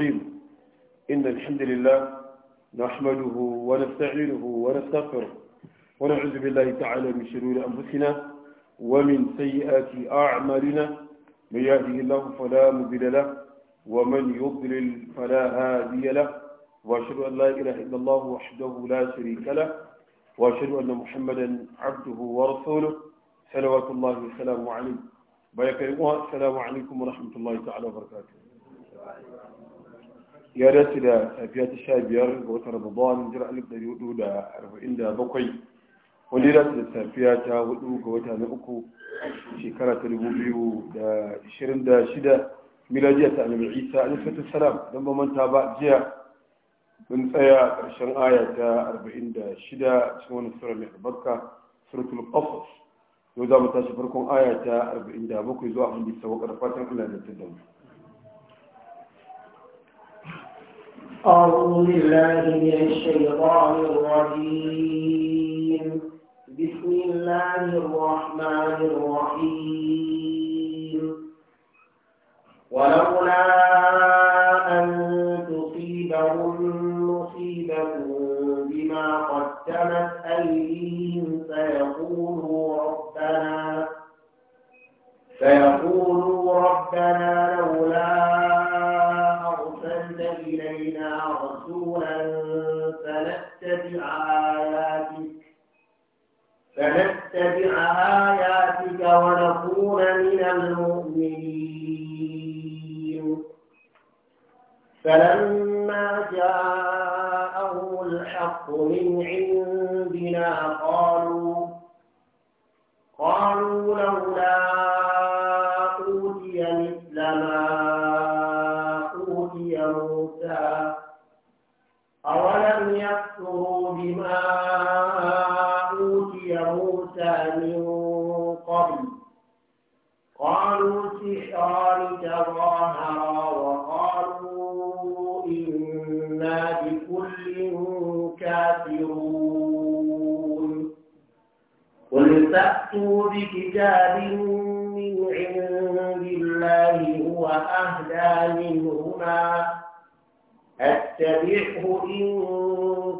الرحيم إن الحمد لله نحمده ونستعينه ونستغفره ونعوذ بالله تعالى من شرور أنفسنا ومن سيئات أعمالنا من يهده الله فلا مضل له ومن يضلل فلا هادي له وأشهد أن لا إله إلا الله وحده لا شريك له وأشهد أن محمدا عبده ورسوله صلوات الله وسلامه عليه السلام عليكم ورحمة الله تعالى وبركاته ya dace da safiya ta sha biyar ga watan ramadan jira alif ɗari hudu da arba'in da bakwai wani dace da safiya ta hudu ga wata na uku shekara ta dubu biyu da ishirin da shida miladiya ta annabi isa alaihi salam don ba manta ba jiya mun tsaya ƙarshen aya ta arba'in da shida cikin wani sura mai albarka suratul qasas yau za mu tashi farkon aya ta arba'in da bakwai zuwa abin da ya sauka da fatan Allah أعوذ بالله من الشيطان الرجيم بسم الله الرحمن الرحيم ولولا أن تصيبهم مصيبة بما قدمت أيديهم فيقولوا ربنا فيقولوا ربنا لولا إلينا رسولا فنتبع آياتك فنتبع آياتك ونكون من المؤمنين فلما جاءه الحق من عندنا قالوا بكتاب من عند الله هو أهدى منهما أتبعه إن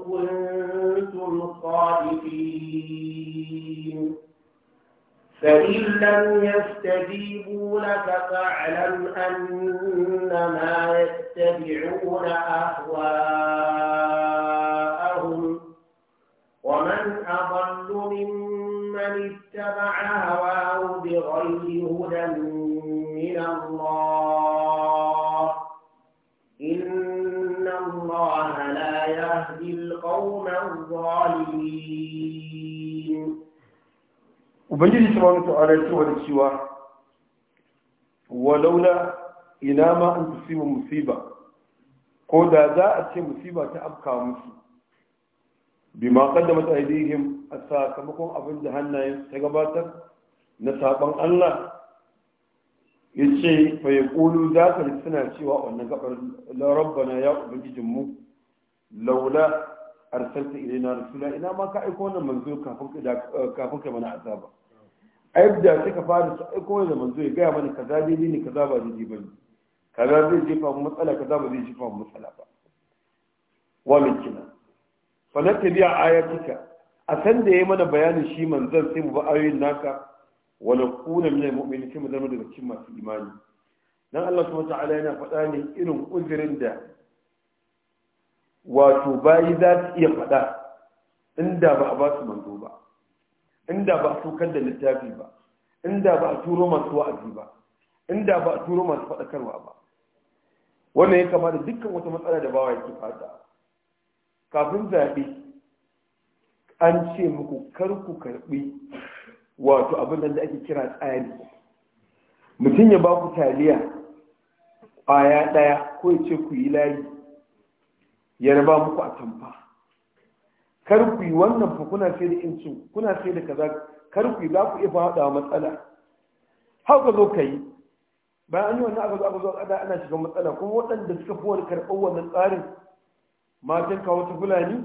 كنتم صادقين فإن لم يستجيبوا لك فاعلم أنما يتبعون أهواءهم الظالمين ubangiji subhanahu ta'ala ya cewa da cewa walaula ina ma an tusibu musiba ko da za a ce musiba ta afka musu bima qaddamat aydihim a sakamakon abin da hannayen ta gabatar na saban Allah ce fa yaqulu za ka suna cewa wannan gabar la na ya ubangijin mu laula arsalta ilaina rasula ina ma ka aiko wannan manzo kafin kafin kai mana azaba ai da ka fara su aiko wannan manzo ya gaya mana kaza dai ne kaza ba dai ba ne kaza zai jefa mu matsala kaza ba zai jefa mu matsala ba wa min kina fa na tabi'a ayatika a san da yayi mana bayanin shi manzon sai mu ba ayoyin naka wa kuna min almu'minin sai mu zama daga cikin masu imani dan Allah subhanahu wa ta'ala yana faɗa ne irin uzurin da wato bayi za su iya faɗa inda ba a ba su manzo ba inda ba a tukar da littafi ba inda ba a turo masu wa'azi ba inda ba a turo masu faɗakarwa ba wannan ya kama da dukkan wata matsala da bawa yake fata kafin zaɓe an ce muku kar ku karɓi wato abin da ake kira tsari mutum ya ba ku taliya ƙwaya ɗaya ko ya ce ku yi layi ya raba muku a tamfa kar ku yi wannan fa kuna sai da inci kuna sai da kaza kar ku yi za ku iya faɗa matsala hau ka zo ka yi bayan an yi wannan aka zo zuwa kada ana shiga matsala kuma waɗanda suka fi wani karɓar wannan tsarin matan kawo ta fulani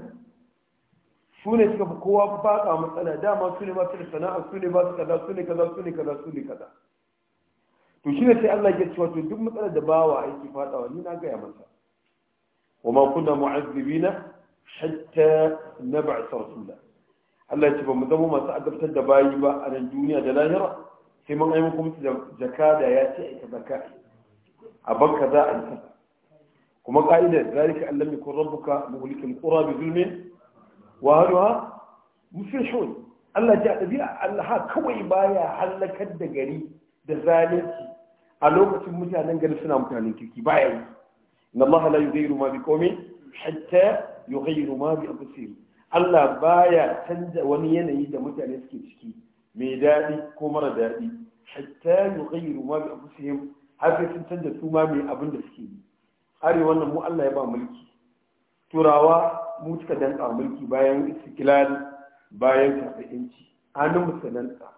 su ne suka fi kowa faɗa matsala dama su ne masu da sana'a su ne su kaza su ne kaza su ne kaza su ne kaza to shi ne sai Allah ya ce wato duk matsalar da bawa aiki faɗawa ni na gaya masa وما كنا na حتى نبعث suna. Allah ya ce ba mu zama masu adabtar da bayi ba a nan duniya da lahira sai mun aimaka musu da jakada ya ce ita zaka a banka za a yi ta kuma ka'idar zalika allam yakun rabbuka muhlikal qura bi zulmin wa ahliha muflihun Allah ya dabi'a Allah kawai baya halakar da gari da zalunci a lokacin mutanen gari suna mutanen kirki baya yi na Allah la yughayyiru ma biqawmin hatta yughayyiru ma bi anfusihim Allah baya canza wani yanayi da mutane suke ciki mai daɗi ko mara daɗi hatta yughayyiru ma bi anfusihim har sai sun canza su ma mai abin da suke yi are wannan mu Allah ya ba mulki turawa mu suka danka mulki bayan istiklal bayan karɓi hannun musulunta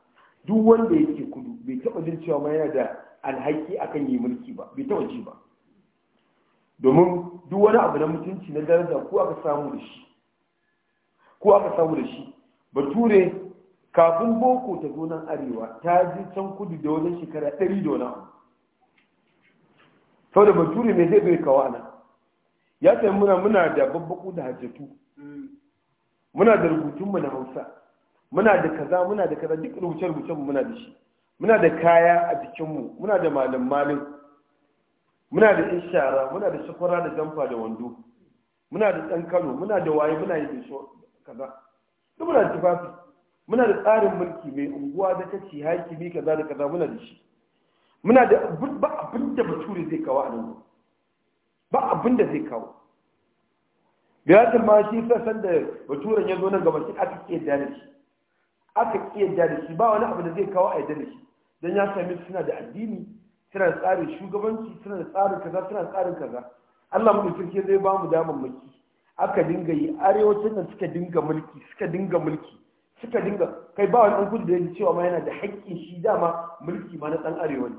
duk wanda ke kudu bai taɓa jin cewa ma da alhaki akan yi mulki ba bai taɓa ji ba domin duk wani abu na mutunci na daraja ko aka samu da shi ko aka samu da shi bature kafin boko ta zo nan arewa ta ji can kudu da wajen shekara ɗari da wani sau da bature mai zai bai kawo ana ya sai muna muna da babbaku da hajjatu muna da rubutunmu na hausa muna da kaza muna da kaza duk rubuce-rubucen muna da shi muna da kaya a jikinmu muna da malin malin muna da ishara shara muna da sufura da jamfa da wando muna da ɗan kano muna da waye muna yi da kaza duk muna da tufafi muna da tsarin mulki mai unguwa da kaci bi kaza da kaza muna da shi muna da ba abin da bature zai kawo a nan ba abin da zai kawo biyatul ma shi sassan da baturen ya zo nan gaba shi aka ƙi yadda da shi aka ƙi yadda da shi ba wani abu da zai kawo a yadda da shi don ya sami suna da addini suna da tsarin shugabanci suna da tsarin kaza suna da tsarin kaza Allah mu sarki zai ba mu damar mulki aka dinga yi arewacin nan suka dinga mulki suka dinga mulki suka dinga kai ba wani ɗan kudu da yake cewa ma yana da haƙƙin shi dama mulki ma na ɗan arewa ne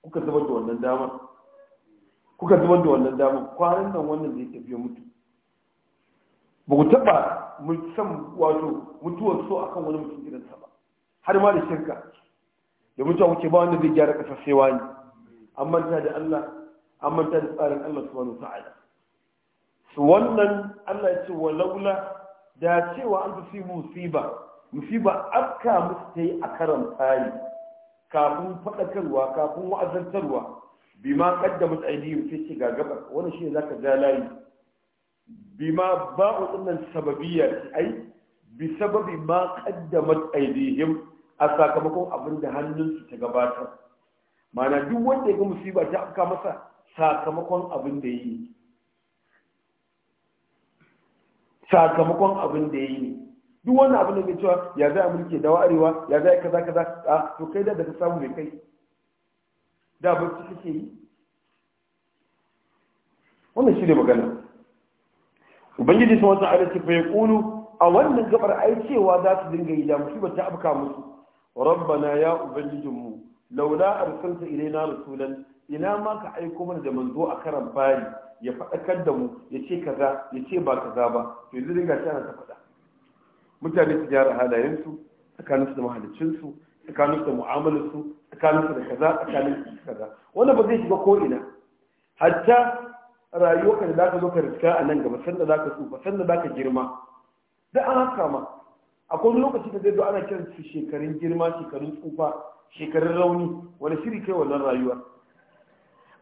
kuka zubar da wannan dama kuka zubar da wannan dama kwanan nan wannan zai ya tafi mutu ba ku taɓa san wato mutuwar so akan wani mutum sa ba har ma da shirka domin cewa wuce ba wanda zai gyara ƙasar sai wani an manta da Allah an manta da tsarin Allah subhanahu ta'ala su wannan Allah ya ce wa laula da cewa an tafi musiba musiba afka musu ta yi a karan tsari kafin faɗakarwa kafin wa'azantarwa bima kaddamat aydihim sai ce ga gaba wannan shine zaka ga layi bima ba'u dinnan sababiyya ai bi sababi ma qaddamat aydihim a sakamakon abin da hannunsu ta gabatar mana duk wanda ya ga musiba ta afka masa sakamakon abin da yi sakamakon abin da yi ne duk wannan abin da ke cewa ya zai a mulke dawa arewa ya zai a kaza kaza a to kai da da samu mai kai da barci kake yi wannan shi ne magana ubangiji sun wata ala ce fa ya kulu a wannan gabar ai cewa za su dinga yi da musibar ta afka musu rabbana ya ubangijinmu laula arsalta ilaina rasulan ina ma ka aiko mana da manzo a karan fari ya faɗakar da mu ya ce kaza ya ce ba kaza ba to yanzu dinga shi ana ta faɗa mutane su gyara halayensu tsakaninsu da mahaliccinsu tsakaninsu da mu'amalarsu tsakaninsu da kaza tsakaninsu da kaza wannan ba zai shiga ko ina hatta rayuwarka da zaka zo ka riska a nan gaba san sanda zaka tsufa za ka girma da an haka ma akwai lokaci da zai zo ana kiran su shekarun girma shekarun tsufa shekarun rauni wani shiri kai wannan rayuwa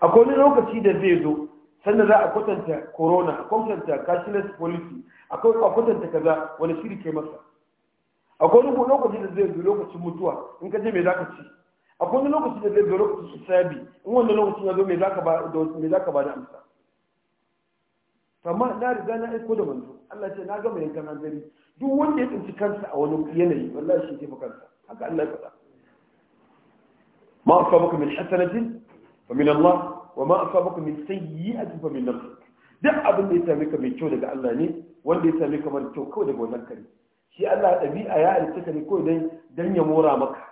akwai lokaci da zai zo sannan za a kwatanta corona a kwatanta cashless policy akwai a kwatanta kaza wani shiri kai masa akwai lokaci da zai zo lokacin mutuwa in ka je me za ka ci akwai lokaci da zai zo lokacin su sabi in wanda lokacin ya zo me za ka ba da amsa amma na riga na aiko da manzo Allah ce na gama yankan hanzari duk wanda ya tsinci kansa a wani yanayi wallahi shi ke kansa haka Allah ya faɗa ma asabaka min hasanatin fa min Allah wa ma asabaka min sayyi'atin fa min nafsik duk abin da ya same ka mai kyau daga Allah ne wanda ya same ka mara kyau kawai daga wannan kare shi Allah ɗabi'a ya halitta ka ne kawai dan dan ya mora maka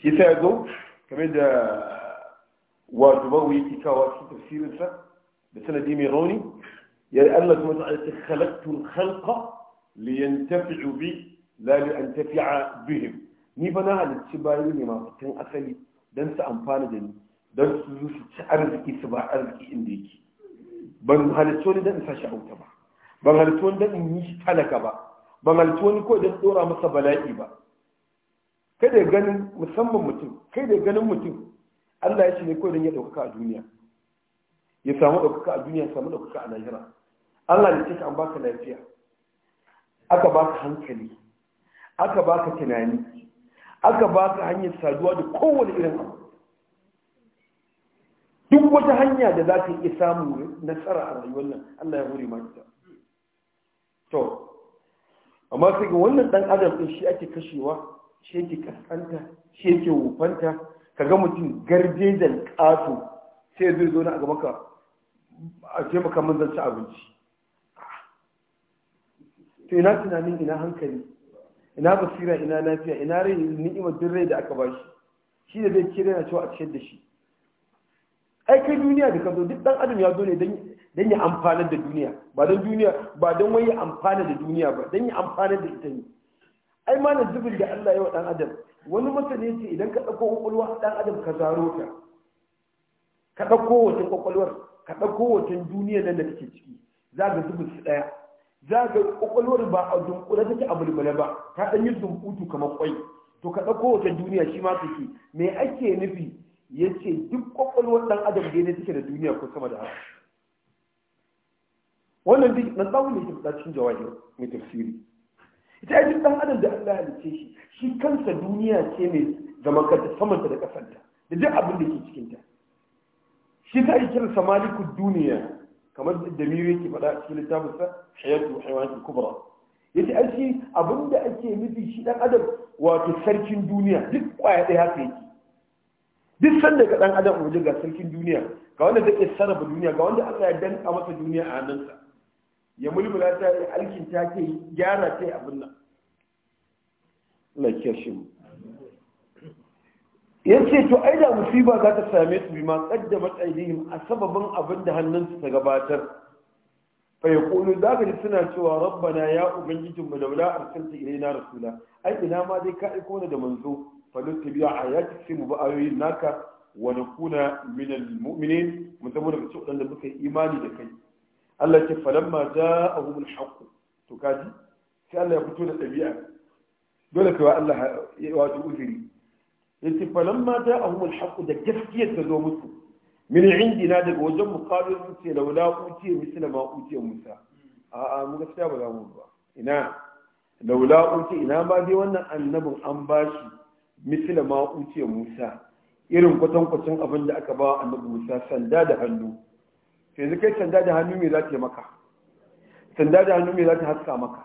shi sai ya zo kamar da wato bawu yake kawo su tafsirinsa da sanadi mai rauni يعني الله سبحانه وتعالى خلقت الخلق لينتفعوا بي لا لأنتفع بهم ni fa na halicci bayi ne masu tun asali don su amfana da ni don su zo su ci arziki su ba arziki inda yake ban halicci wani don in sashi auta ba ban halicci wani don in yi shi talaka ba ban halicci wani ko don dora masa bala'i ba kai da ganin musamman mutum kai da ganin mutum Allah ya ce ne ko don ya ɗaukaka a duniya ya samu ɗaukaka a duniya samu ɗaukaka a lahira Allah da ka an baka lafiya aka baka hankali aka baka tunani aka baka hanyar saduwa da kowane irin abu duk wata hanya da za ka iya samun nasara a rayuwar nan Allah ya hore ma ita to amma sai ga wannan dan adam din shi ake kashewa shi yake kaskanta shi yake wufanta kaga mutum garjejen kato sai zai zo na a maka ka a taimaka mun zance abinci to ina tunanin ina hankali ina basira ina lafiya ina rai ni'imar din rai da aka bashi shi da zai kira yana cewa a ciyar da shi ai kai duniya da ka zo duk dan adam ya zo ne dan ya amfana da duniya ba dan duniya ba dan wai ya amfana da duniya ba dan ya amfana da ita ne ai ma na zubin da Allah ya wa dan adam wani masani ce idan ka dauko kwakwalwa dan adam ka zaro ta ka dauko wata kwakwalwar ka dauko wata duniya nan da kake ciki za ga zubin su daya za ga kwakwalwar ba a dunkule take a bulbule ba ka dan yi dunkutu kamar kwai to ka dauko wata duniya shi ma take me ake nufi yace ce duk kwakwalwar ɗan adam ne take da duniya ko sama da haka wannan duk na tsawon ne ke cikin jawabi mai tafsiri ita ai duk ɗan adam da Allah ya halice shi shi kansa duniya ce mai zaman kanta samanta da kasanta da duk abin da ke ta. shi ta yi kira malikul duniya kamar da damiru yake faɗa cikin littafin sa hayatu hayawatul kubra yace an shi abinda ake nufi shi dan adam wato sarkin duniya duk kwaya ɗaya haka yake duk sanda ga dan adam wajen ga sarkin duniya ga wanda take sarrafa duniya ga wanda Allah ya danka masa duniya a hannunsa ya mulmula ta alkin ta ke gyara ta abin nan Allah ya kiyaye mu ya ce to ai da musiba za ta same su bima kaddamat aidihim a sababin abin da hannunsu ta gabatar fa kulu da ga suna cewa rabbana ya ubangijin mu da wala arsalta ilaina rasula ai ina ma dai ka aiko ni da manzo fa a ayati sai mu ba ayoyin naka wa nakuna min almu'minin mu zama daga cikin da muka yi imani da kai Allah ce falamma ja'ahum alhaq to kaji sai Allah ya fito da dabi'a dole kai allah Allah wato uzuri yace falamma ta ahumul haqu da gaskiyar ta zo musu min indina daga wajen mu qalu ce laula utiya misla ma utiya musa a a mu gaskiya ba za mu ba ina laula utiya ina ba dai wannan annabin an bashi misla ma utiya musa irin kwatan abin da aka ba annabi musa sanda da hannu yanzu kai sanda da hannu me za ta maka sanda da hannu me za ta haska maka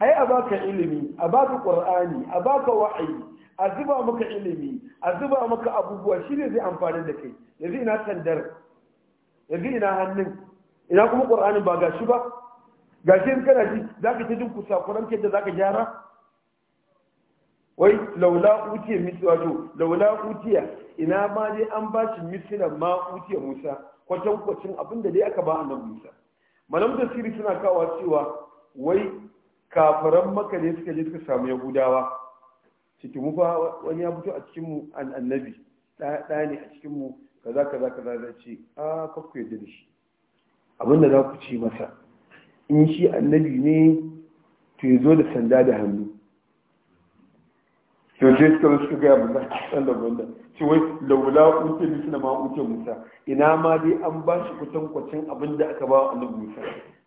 ai a baka ilimi a baka qur'ani a baka wa'ayi a zuba maka ilimi a zuba maka abubuwa shi ne zai amfani da kai yanzu ina sandar yanzu ina hannun ina kuma ƙur'anin ba gashi ba gashi yin kana ji za ka ta jin kusakuran da za ka gyara wai laula utiya misu wato laula utiya ina ma dai an ba shi misilan ma utiya musa kwatan kwacin abin da dai aka ba a nan musa malam da siri suna kawo cewa wai kafaran maka ne suka je suka samu yahudawa ciki mu ba wani ya fito a cikin mu an annabi da ne a cikin mu kaza kaza kaza da ce a kakku yadda da shi abinda za ku ce masa in shi annabi ne to ya zo da sanda da hannu to sai suka zo suka gaya musa ɗan da wanda ce wai laula uke musu na ma uke musa ina ma dai an ba shi kusan kwacin abin da aka ba annabi musa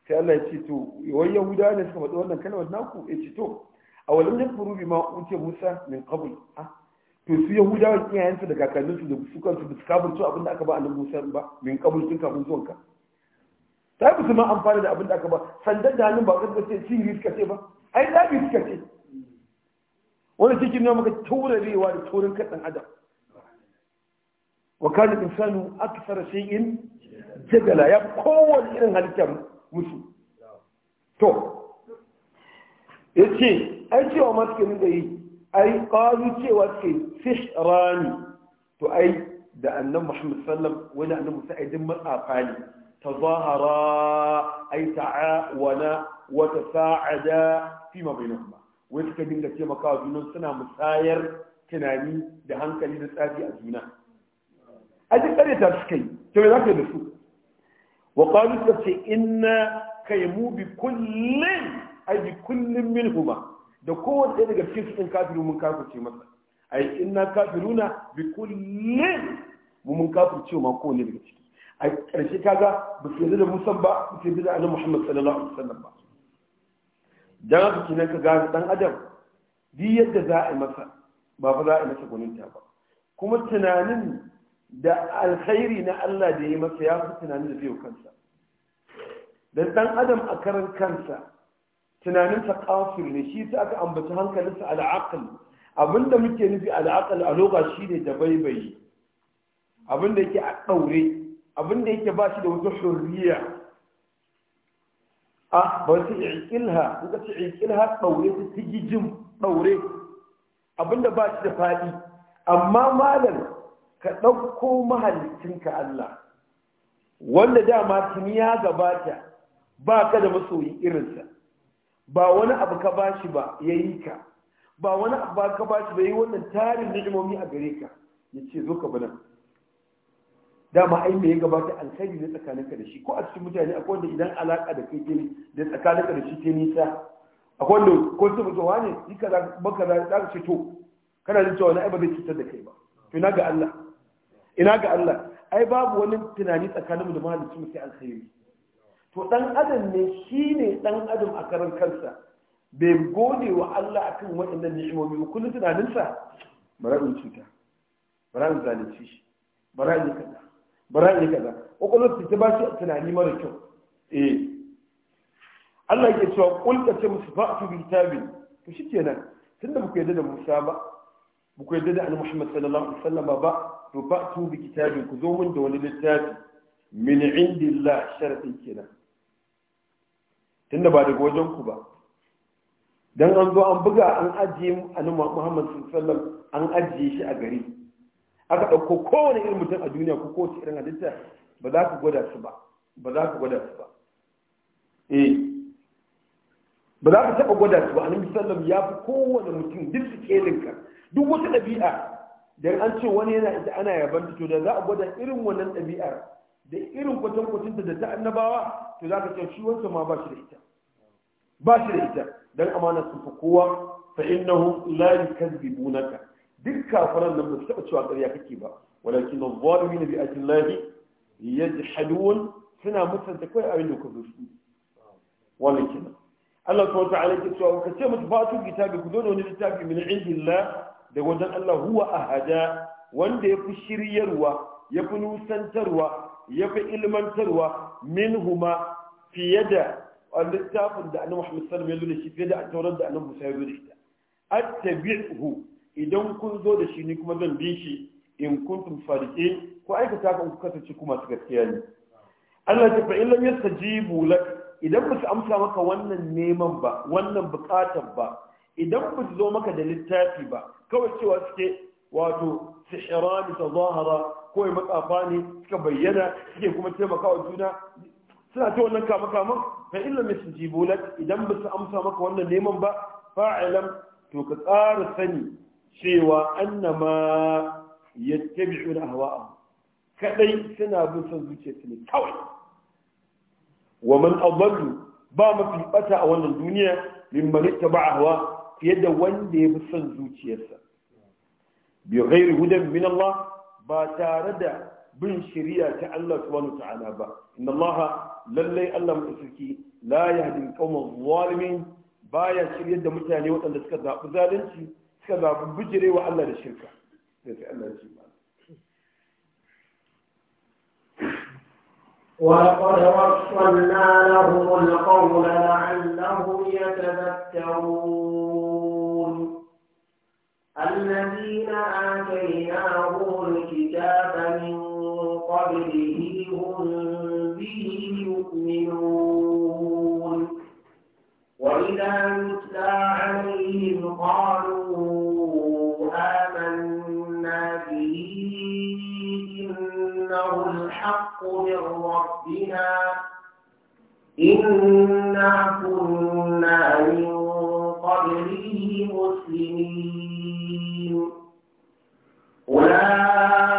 sai Allah ya ce to wai yahudawa ne suka faɗi wannan kalmar naku ya ce to a bi ma bima utiya Musa min qabl to su yahudawan iyayensu da kakanninsu da su kansu da su kafirce abin da aka ba annabi Musa ba min qabl tun kafin zuwan ka ta bi su ma amfani da abin da aka ba sandan da hannun ba ka ce sihiri suka ce ba ai da bi suka ce wani cikin ne maka taurarewa da taurin kaɗan adam wa kana insanu akthara shay'in jagala ya kowace irin halitta musu to ya ce ai cewa ma yi ai ƙwaru cewa suke fish rani to ai da annan muhammad sallam wani annan musa aidin matsafa ne ta zahara ai ta'awana wata sa'ada fi bai nan wai suka dinga ce maka junan suna musayar tunani da hankali da tsafi a juna a duk ƙarya ta suka yi to me za da su wa ce inna kai mu bi kullum ai bi kullum minhuma da kowane ɗaya daga cikin su ɗin kafiru mun kafirce masa ai inna kafiruna bi kullum mu mun kafirce ma kowane daga ciki a ƙarshe kaga ba su yarda da musan ba ba su yarda da annabi Muhammad sallallahu alaihi wasallam ba dan haka kenan ka gane dan adam duk yadda za a yi masa ba fa za a yi masa gwaninta ba kuma tunanin da alkhairi na Allah da ya yi masa ya fi tunanin da zai kansa dan dan adam a karan kansa tunaninsa kafir ne shi ta aka ambaci hankalinsa al'aql abinda muke nufi al'aql a loga shi ne da baibayi abinda yake a daure abinda yake ba shi da wata hurriya a ah, ba su iqilha in ka ce ƙilha ɗaure, su tigijin ɗaure. abinda ba shi da faɗi. amma malam ka ɗauko mahalicinka Allah wanda dama tuniya ya gabata ba ka da masoyi irinsa ba wani abu ka ba shi ba ya yi ka ba wani abu ka ba shi ba ya yi wannan tarin ni'imomi a gare ka ya ce zo ka bana dama ai me ya gabata alkhairi ne tsakaninka da shi ko a cikin mutane akwai wanda idan alaka da kai ke da tsakaninka da shi ke nisa akwai wanda ko su mutu ne, yi kaza baka za ka ce to kana jin cewa na ai ba zai cutar da kai ba to ina ga Allah ina ga Allah ai babu wani tunani tsakaninmu da mahalicci mu sai alkhairi to dan adam ne shi ne dan adam a karan kansa bai gode wa Allah akan waɗannan ni'imomi kullum tunaninsa bara in cuta bara in zalunci shi bara in kaza bara in kaza Ko su ta ba shi tunani mara kyau eh Allah ya cewa kulka ce musu fa'tu bi kitabin to tun tunda muku yadda da Musa ba muku yadda da Annabi Muhammad sallallahu alaihi wasallam ba to fa'tu bi kitabin ku zo mun da wani littafi min indillah shar'in kenan tunda ba daga wajen ku ba dan an zo an buga an ajiye annabi Muhammad sallallahu an ajiye shi a gari aka dauko kowane irin mutum a duniya ko kowace irin halitta ba za ku gwada su ba ba za ku gwada su ba eh ba za ku taba gwada su ba annabi sallallahu ya fi kowane mutum duk su kelinka duk wata dabi'a dan an ce wani yana ita ana yaban to da za a gwada irin wannan dabi'ar da irin kwatankwacin da ta annabawa to za ka ce shi wancan ma ba shi da ita ba shi da ita dan amana sun fi kowa fa innahum la yukadzibunaka duk kafaran nan ba su taba cewa ƙarya kake ba walakin adh-dhalimin bi ayatillah yajhadun suna mutunta kai abin da kuka su walakin Allah subhanahu wa ta'ala ke cewa ka ce mutu fatu kitabi ku zo wani littafi min indillah da wajen Allah huwa ahada wanda ya fi shiryarwa ya fi nusantarwa ya fi ilmantarwa minhuma fiye da littafin da annabi Muhammad sallallahu alaihi wasallam ya fiye da taurar da annabi Musa ya zo da attabi'hu idan kun zo da shi ni kuma zan bi shi in kuntum sadiqin ko aikata kan ku kasance kuma su gaskiya ne Allah ya fa in lam yastajibu lak idan ba su amsa maka wannan neman ba wannan bukatar ba idan ba su zo maka da littafi ba kawai cewa suke wato sihrani tazahara Kowai matsafa ne suka bayyana suke kuma taimakawa juna suna ta wannan kama kaman fa illa idan ba su amsa maka wannan neman ba fa'ilam to ka tsara sani cewa annama yattabi'u ahwa'ahum kadai suna bin son zuciyarsu ne kawai wa man ba mafi bata a wannan duniya min a hawa fiye da wanda ya bi son zuciyarsa bi ghairi hudan min Allah ba tare da bin shari'a ta Allah subhanahu ta'ala ba inna Allah lallai Allah mai sarki la yahdi qawmal zalimin baya shiryar da mutane waɗanda suka zaɓi zalunci suka zaɓi bijirewa Allah da shirka sai sai Allah ya ce ba ولقد وصلنا لهم القول لعلهم يتذكرون الذين آتيناهم الكتاب من قبله هم به يؤمنون وإذا يتلى عليهم قالوا آمنا به إنه الحق من ربنا إنا كنا من قبله مسلمين أولئك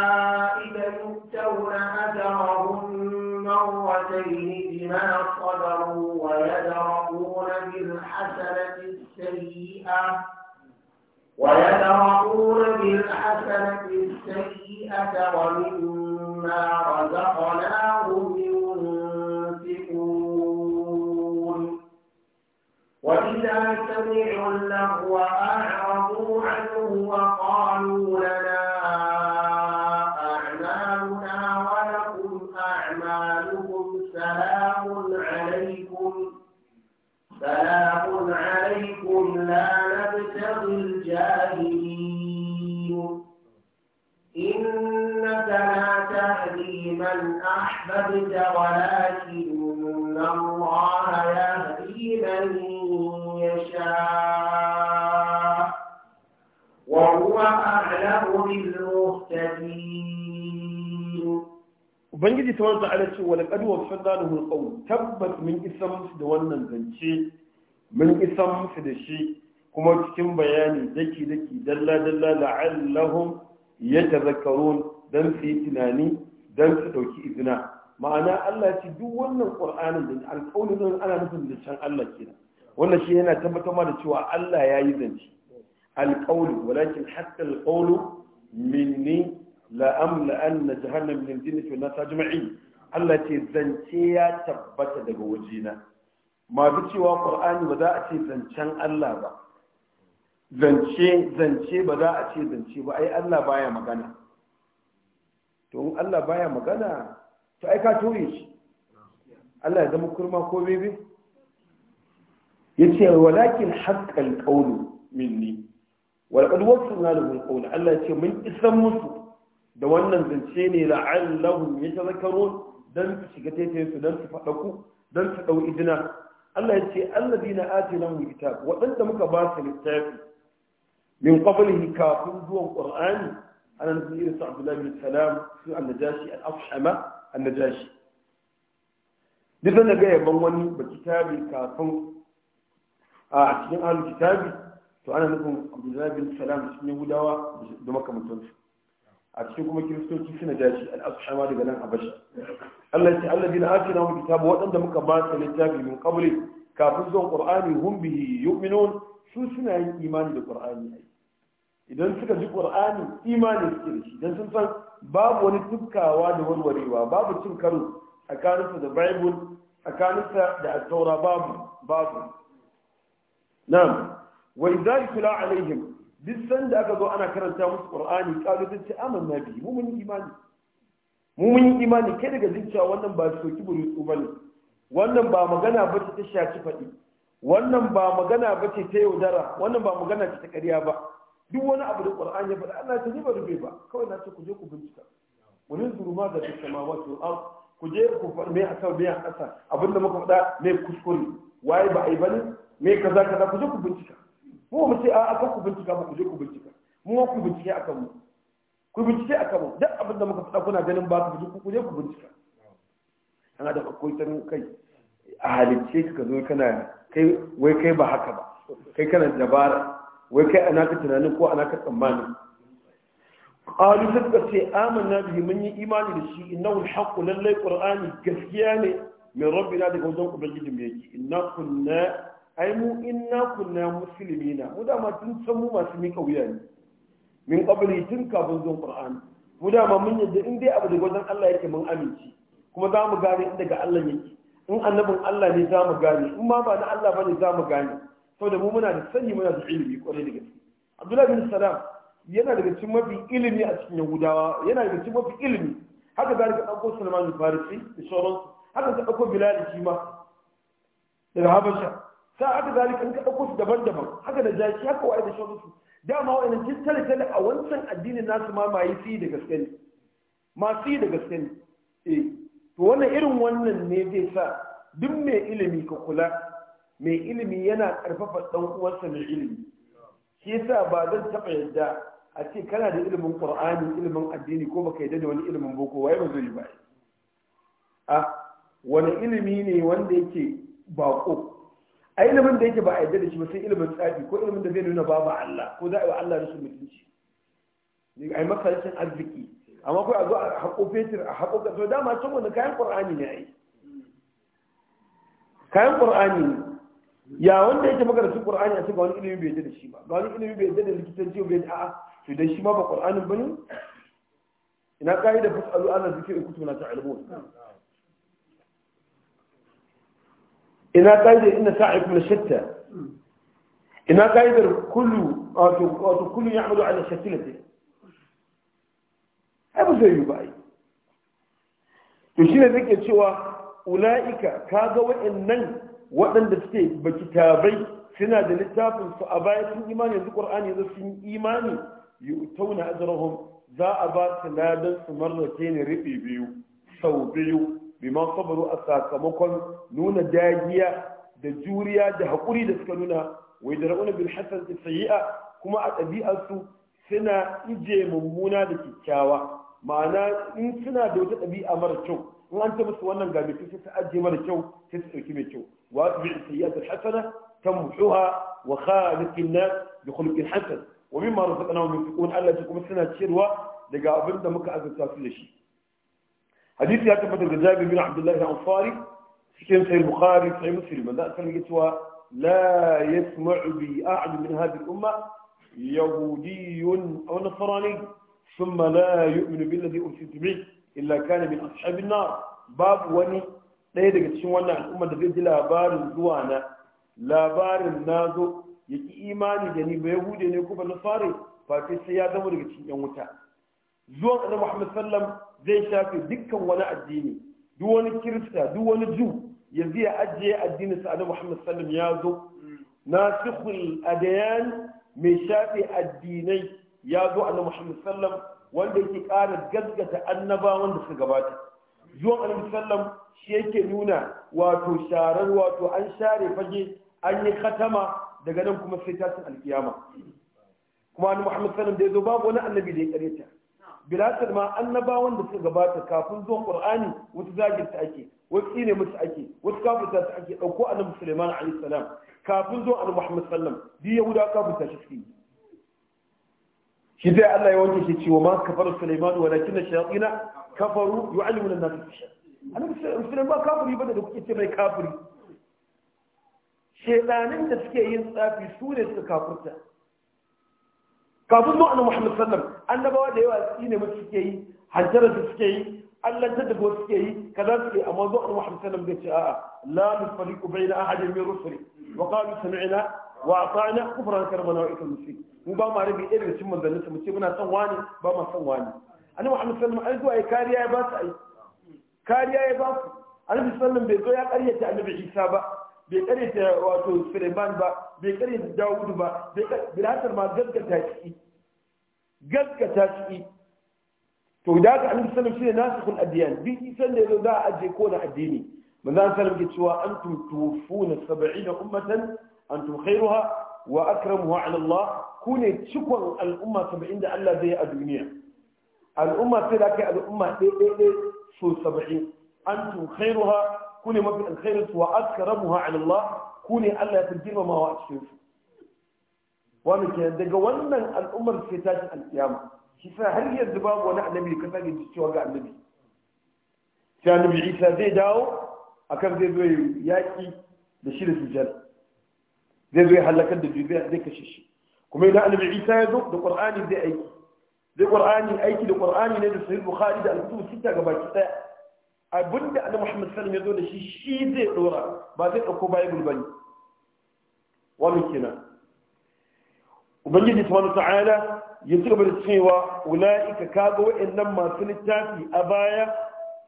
بما صبروا ويدرؤون بالحسنة السيئة ويدرؤون بالحسنة السيئة ومما رزقناهم ينفقون وإذا سمعوا اللغو أعرضوا عنه وقالوا لنا يحببك ولكن الله يهدي من يشاء وهو أعلم بالمهتدين Ubangiji ta wanda ala ce wani ƙaduwa fada da hulƙau tabbas mun isan musu da wannan zance mun isan musu da shi kuma cikin bayani daki daki dalla dalla la'allahum yatazakkarun don su yi tunani don su ɗauki izina ma'ana Allah ce duk wannan ƙur'anin da alƙawli zan ana nufin can Allah kenan wannan shi yana tabbatar ma da cewa Allah ya yi zance alƙawli walakin hatta alƙawlu minni la na anna jahannam min jinnati wan nas jima'i. Allah ce zance ya tabbata daga wajena ma duk cewa ƙur'ani ba za a ce zancen Allah ba zance zance ba za a ce zance ba ai Allah baya magana to in Allah baya magana to ai ka tore shi Allah ya zama kurma ko bebe yace walakin haqqal qawlu minni wal qad wasana lahum qawla Allah yace mun isan musu da wannan zance ne la'allahum yatazakkarun dan su shiga taitayen su dan su fadaku dan su dau idina Allah yace alladina atinahum kitab wadanda muka ba su littafi min qablihi kafin zuwan qur'ani ana nufin irin su abdullahi bin salam su annajashi al-afshama annajashi duk da ga yaban wani ba kitabi kafin a cikin ahlul kitabi to ana nufin abdullahi bin salam cikin yahudawa da makamantansu a cikin kuma kiristoci suna jashi al-afshama daga nan habasha Allah ya ce allazi na atina hu kitabu waɗanda muka ba su littafi min qabli kafin zuwan qur'ani hum su suna yin imani da qur'ani idan suka ji qur'ani imani suke da shi dan sun san babu wani tukkawa da warwarewa babu cin karo tsakaninsa da bible tsakaninsa da attaura babu babu na'am wa idza yutla alaihim duk sanda aka zo ana karanta musu qur'ani kalu sun ce amanna bi mu mun imani mu mun imani kai daga zuciya wannan ba soki su bane wannan ba magana ba ta shafi faɗi wannan ba magana ba ce ta yaudara wannan ba magana ce ta ƙarya ba duk wani abu da ƙwar'an ya faɗa Allah ta zuba rufe ba kawai na ce ku je ku bincika wani zuruma da duk samawati wal ard ku je ku faɗa me aka mai asa abinda muka faɗa me kuskure waye ba yi bane me kaza kaza ku je ku bincika mu mu ce a aka ku bincika ba ku je ku bincika mu ku bincike a mu ku bincike a mu duk abinda muka faɗa kuna ganin ba ku ku je ku bincika ana da akwai tarin kai a halicce ka zo kana kai wai kai ba haka ba kai kana dabara wai kai ana ka tunanin ko ana ka tsammani qalu suka ce amanna bihi mun yi imani da shi innahu alhaqqu lallai qur'ani gaskiya ne min rabbina daga wajen ubangiji mu yake inna kunna ai mu inna kunna muslimina mu dama tun san mu masu mika wuya ne min qabli tun kafin zuwan qur'ani mu dama mun yadda in dai abu daga wajen Allah yake mun amince kuma za mu gane in daga Allah yake in annabin Allah ne za mu gane in ma ba na Allah bane za mu gane da mu muna da sani muna da ilimi kwarai da gaske abdullahi bin salam yana daga cikin mafi ilimi a cikin yahudawa yana daga cikin mafi ilimi haka za ka ɗauko sulman farisi da sauransu haka ka ɗauko bilal shi ma daga habasha sa haka zalika in ka ɗauko su daban-daban haka da jaki haka wa'ai da sauransu dama wa'ai tare-tare a wancan addinin nasu ma ma yi fi da gaske ne ma yi da gaske ne eh to wannan irin wannan ne zai sa duk mai ilimi ka kula mai ilimi yana karfafa dan uwarsa mai ilimi shi yasa ba zan taba yadda a ce kana da ilimin qur'ani ilimin addini ko baka yadda da wani ilimin boko Wai ba zai ba a wani ilimi ne wanda yake bako a ilimin da yake ba a yadda da shi ba sai ilimin tsafi ko ilimin da zai nuna babu Allah ko za a yi wa Allah rashin mutunci a yi maka arziki amma kawai a zo a haƙo fetur a haƙo To dama wani kayan ƙur'ani ne a yi kayan ƙur'ani ne ya wanda yake makarantun qur'ani a cikin wani ilimi bai yadda da shi ba ga wani ilimi bai yadda da likitanci bai yadda a'a to dan shi ma ba qur'anin bane ina da fasalu ana zikiri ta ta'lamun ina kaida ina sa'ikum la shatta ina kaida kullu wato kullu ya'malu ala shatilati ai ba zai yi ba ai to shine zake cewa ulaika kaga wa'annan waɗanda suke ba suna da littafinsu a baya sun imani yanzu ƙur'ani yanzu sun imani tauna ajrahum za a ba su ladan su marrake ne riɓi biyu sau biyu ma sabaru a sakamakon nuna dagiya da juriya da haƙuri da suka nuna wai da ra'una bil hasan sayyi'a kuma a ɗabi'arsu suna ije mummuna da kyakkyawa ma'ana in suna da wata ɗabi'a mara kyau in an ta musu wannan ga sai su ajiye mara kyau sai su ɗauki mai kyau وأتبع السيئات الحسنة تمحوها وخالق الناس بخلق حسن ومما رزقناهم ينفقون ألا تكون سنة الشروة لقابل دمك أزلتا كل الشيء حديث يا تبت الجابر بن عبد الله الأنصاري في سيد البخاري في مسلم ذا أسلم لا يسمع بي أحد من هذه الأمة يهودي أو نصراني ثم لا يؤمن بالذي أرسلت به إلا كان من أصحاب النار باب وني ɗaya daga cikin wannan al'ummar da zai ji labarin zuwa na labarin na zo ya ki imani da ni ba ya hude ne kuma na fare face sai ya zama daga cikin yan wuta zuwan annabi muhammad sallam zai shafe dukkan wani addini duk wani kirista duk wani ju yanzu ya ajiye addinin sa annabi muhammad sallam ya zo nasikhul adayan mai shafe addinai ya zo annabi muhammad sallam wanda yake ƙara gaskata annabawan da suka gabata zuwan annabi shi yake nuna wato sharar wato an share fage an yi katama daga nan kuma sai tashin alkiyama kuma annabi Muhammad sallam da yazo babu wani annabi da ya ta bilasar ma annabawan da suka gabata kafin zuwan qur'ani wata zagirta ake wasu tsine musu ake wasu kafirta su ake dauko annabi Sulaiman alaihi salam kafin zuwan annabi Muhammad sallam bi yahuda kafirta shi suke shi dai Allah ya wanke shi wa ma kafara Sulaiman walakin ash-shayatin kafaru yu'allimuna an-nas ash-shirk annabi Sulaiman kafiri bane da kuke ce mai kafiri shedanin da suke yin tsafi su ne suka kafurta kafin zuwa annabi Muhammad sallam annabawa da yawa su ne mutu suke yi hantarar su suke yi Allah ta dago suke yi kaza suke amma zuwa annabi Muhammad sallam bai ce a'a la nufariqu baina ahadin min rusuli wa qalu sami'na wa atana kufran karmana wa ikal musi mu ba ma rabi ɗaya daga cikin manzannin su mu muna son wani ba ma son wani annabi Muhammad sallallahu alaihi wasallam ai kariya ya ba su ai kariya ya ba su annabi sallallahu bai zo ya karyata annabi Isa ba bai karyata wato Suleiman ba bai karyata Dawud ba bai ƙaryata ma gaggata shi gaggata shi to da haka annabi sallallahu alaihi wasallam shine nasikhul adyan bi isan da za a aje ko na addini manzo sallallahu alaihi wasallam ke cewa antum tuwfuna 70 ummatan antum khairuha wa akramuha ala Allah ku ne cikon al'umma saba'in da Allah zai yi a duniya al'umma sai da kai al'umma ɗaiɗaiɗai so saba'in antum khairuha ku ne mafi alkhairin su wa akramuha ala Allah ku ne Allah ya fi girmamawa a cikin su wani kenan daga wannan al'ummar sai ta tashi alkiyama shi sa har yanzu babu wani annabi ka sake ji cewa ga annabi sai annabi Isa zai dawo akan zai zo yaƙi da shi da sujjal zai zo ya halakar da dubiya zai kashe shi kuma idan annabi isa ya zo da qur'ani zai aiki zai qur'ani aiki da qur'ani ne da sahih bukhari da al-kutub sita gaba ki daya abinda annabi muhammad sallallahu alaihi wasallam ya zo da shi shi zai dora ba zai dauko bible bane wannan kenan ubangiji subhanahu ta'ala ya ci gaba da cewa ula'ika kaga wa'annan masu littafi a baya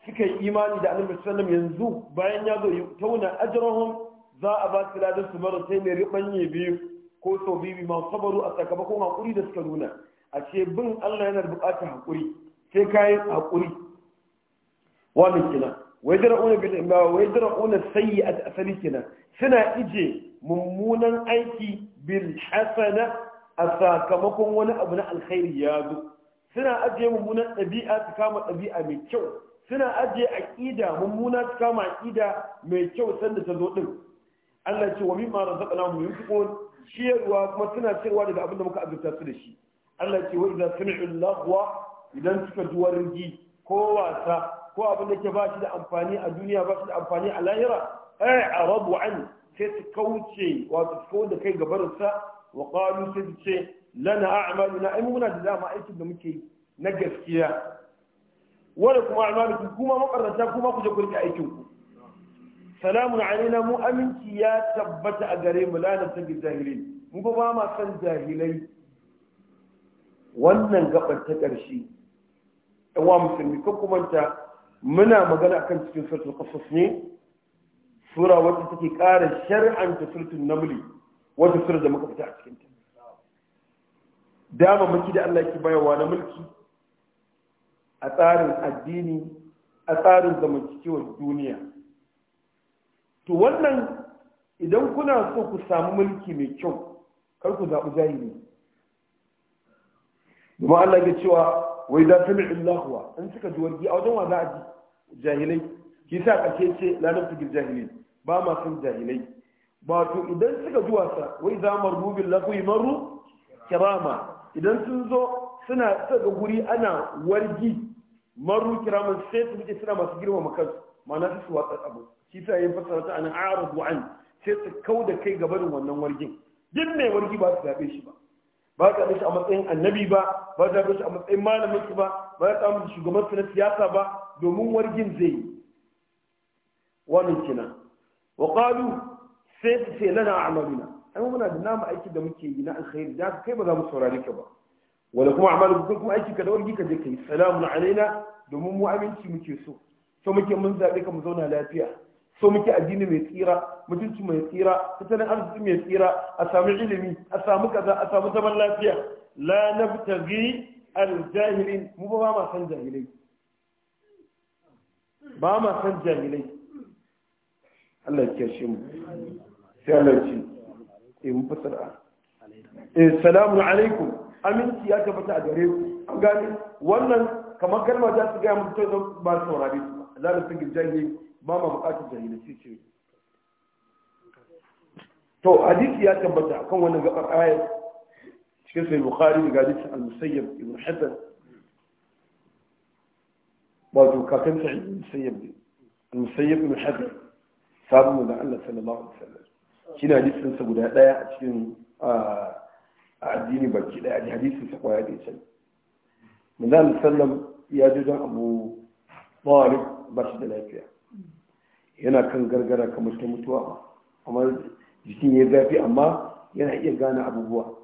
suka yi imani da annabi sallallahu alaihi wasallam yanzu bayan ya zo ya tauna ajrahum za a ba su ladan su mara sai mai ribanye biyu ko sau biyu ma sabaru a sakamakon haƙuri da suka nuna a ce bin Allah yana buƙatar haƙuri, sai kayan haƙuri. wannan kina, wai jira dara'una bil wai jira dara'una sayyi'at asali kina. suna ije mummunan aiki bil hasana a sakamakon wani abu na alkhairi ya zo suna ajiye mummunan ɗabi'a su kama ɗabi'a mai kyau suna ajiye aƙida mummuna su kama aƙida mai kyau sanda ta zo ɗin Allah ce wa mimma razaqnahum yunfiqun ciyarwa kuma suna ciyarwa daga abin da muka azurta su da shi Allah ce wa idza sami'u lahwa idan suka ji wargi ko wasa ko abin da ke ba shi da amfani a duniya ba shi da amfani a lahira ai arabu an sai su kauce wato su da kai gabarinsa wa qalu sai su ce lana a'maluna ai muna da dama aikin da muke na gaskiya wanda kuma a'malukum kuma makaranta kuma ku je ku rike aikin ku salamun alaina mu aminci ya tabbata a gare mu la nasabi jahilin mu ba ma san jahilai wannan gabar ta karshe wa musulmi ko kuma ta muna magana akan cikin suratul qasas ne sura wacce take shar'an shar'anta suratul naml wata sura da muka fita a cikin ta dama miki da Allah yake bayarwa na mulki a tsarin addini a tsarin zamantakewar duniya to wannan idan kuna so ku samu mulki mai kyau kar ku zaɓi zahiri domin Allah ya cewa wai za ta mi'in lahuwa in suka ji wargi a wajen wa za a ji jahilai ki sa ƙarshe ce lanar su jahilai ba ma san jahilai ba to idan suka ji wasa wai za mu bin lahuwi maru? kirama idan sun zo suna saka guri ana wargi maru kirama sai su wuce suna masu girma kansu Mana su watsa abu shi ta yin fasara ta ana arabu an sai su kau da kai gabanin wannan wargin duk mai wargi ba su zaɓe shi ba ba su zaɓe shi a matsayin annabi ba ba su zaɓe shi a matsayin malamin su ba ba su zaɓe shugaban su na siyasa ba domin wargin zai yi wannan kenan wa sai su ce lana a'maluna ai muna da namu aiki da muke yi na alkhairi da kai ba za mu saurare ka ba wala kuma a'malu kuma aiki ka da wargi ka je kai salamun alaina domin mu aminci muke so so muke mun zaɓe ka mu zauna lafiya so muke addini mai tsira mutunci mai tsira tattalin arziki mai tsira a samu ilimi a samu kaza a samu zaman lafiya la nabtaghi al-jahilin mu ba ma san jahilai ba ma san jahilai Allah ya kiyashe mu sai Allah ya ce eh mun fasara eh salamu alaikum aminci ya tabbata a gare ku an gane wannan kamar kalma ta su ga mutum ba saurare ku لازم تنقل جاهلي ما ما بقاتل جاهلي سي سي تو حديث يا كم بتاع كم وانا قبر آية شكل في البخاري قاديس المسيب ابن حبر واجو كاكم سعيد المسيب دي. المسيب ابن حبر سابه من الله صلى الله عليه وسلم شين حديث سنسا قد هلا يا آه، شين أعديني بجي لا يعني حديث سنسا قد هلا يا شين من الله صلى الله عليه وسلم يا جوجان أبو bawari ba shi da lafiya yana kan gargara kamar ta mutuwa amma jikin ya zafi amma yana iya gane abubuwa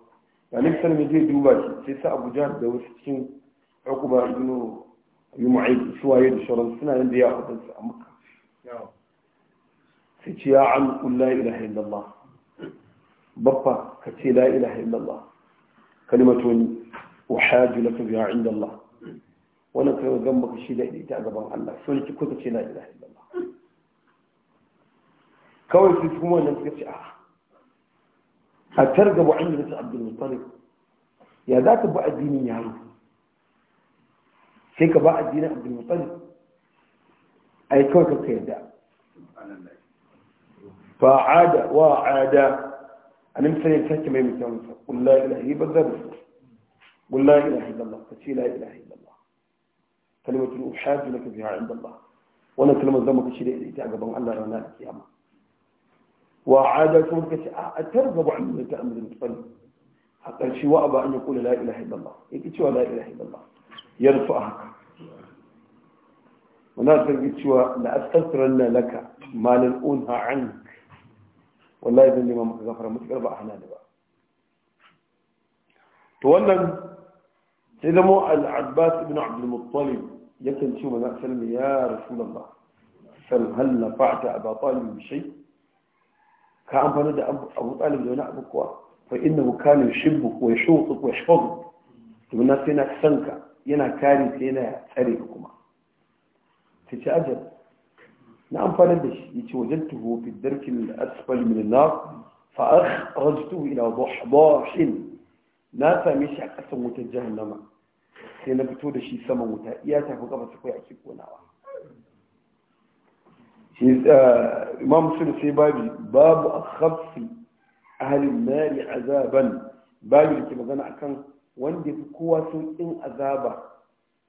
da nufi sanar zai duba shi sai sa abuja da wasu cikin hukuba ibnu su suwaye da shawarar suna yin da ya wadansu a maka sai ce ya an la ila illallah baffa ka ce la ilaha illallah kalimatu wani lafi laka biya inda Allah wannan kai gan baka shi da ita a gaban Allah sun ki kuka ce ilaha illallah kawai su kuma wannan suka ce a a targaba an yi nasu abdul mutalib ya za ka ba addinin yaro sai ka ba addinin abdul mutalib a yi kawai ka yarda fa'ada wa ada a nan sai ta ce mai mutum sa kullu la ilaha illallah kullu la ilaha illallah ka ce la kalimatul uhadu laka biha inda Allah wannan kalmar zama ka shirya da ita a gaban Allah ranar kiyama wa ada kuma ka ce a targaba an yi ta amurin tsali a ƙarshe wa ba an yi kula la'ila haiballa ya ki cewa la'ila haiballa ya rufu a haka wana a ki cewa na askasirar na laka malin un ha'an wallahi zan nema maka gafara matuƙar ba a hana da ba to wannan تدمو العباس بن عبد المطلب يكن شو ما سلم يا رسول الله سلم هل نفعت أبا طالب بشيء كان فرد أبو طالب لنا أبو فإنه كان يشبك ويشوطك ويشفظك تبنا طيب سينا سنكا ينا كاري سينا أريكما تتأجل نعم فلدش وجدته في الدرك الأسفل من النار فأخرجته إلى ضحضاح ناسا مش أكثر متجهنما sai na fito da shi saman wuta iya tafi gaba su kai ake konawa eh, imam sun sai babi babu a khafsi ahalin nari azaban babu da ke magana akan wanda ya fi kowa sauƙin azaba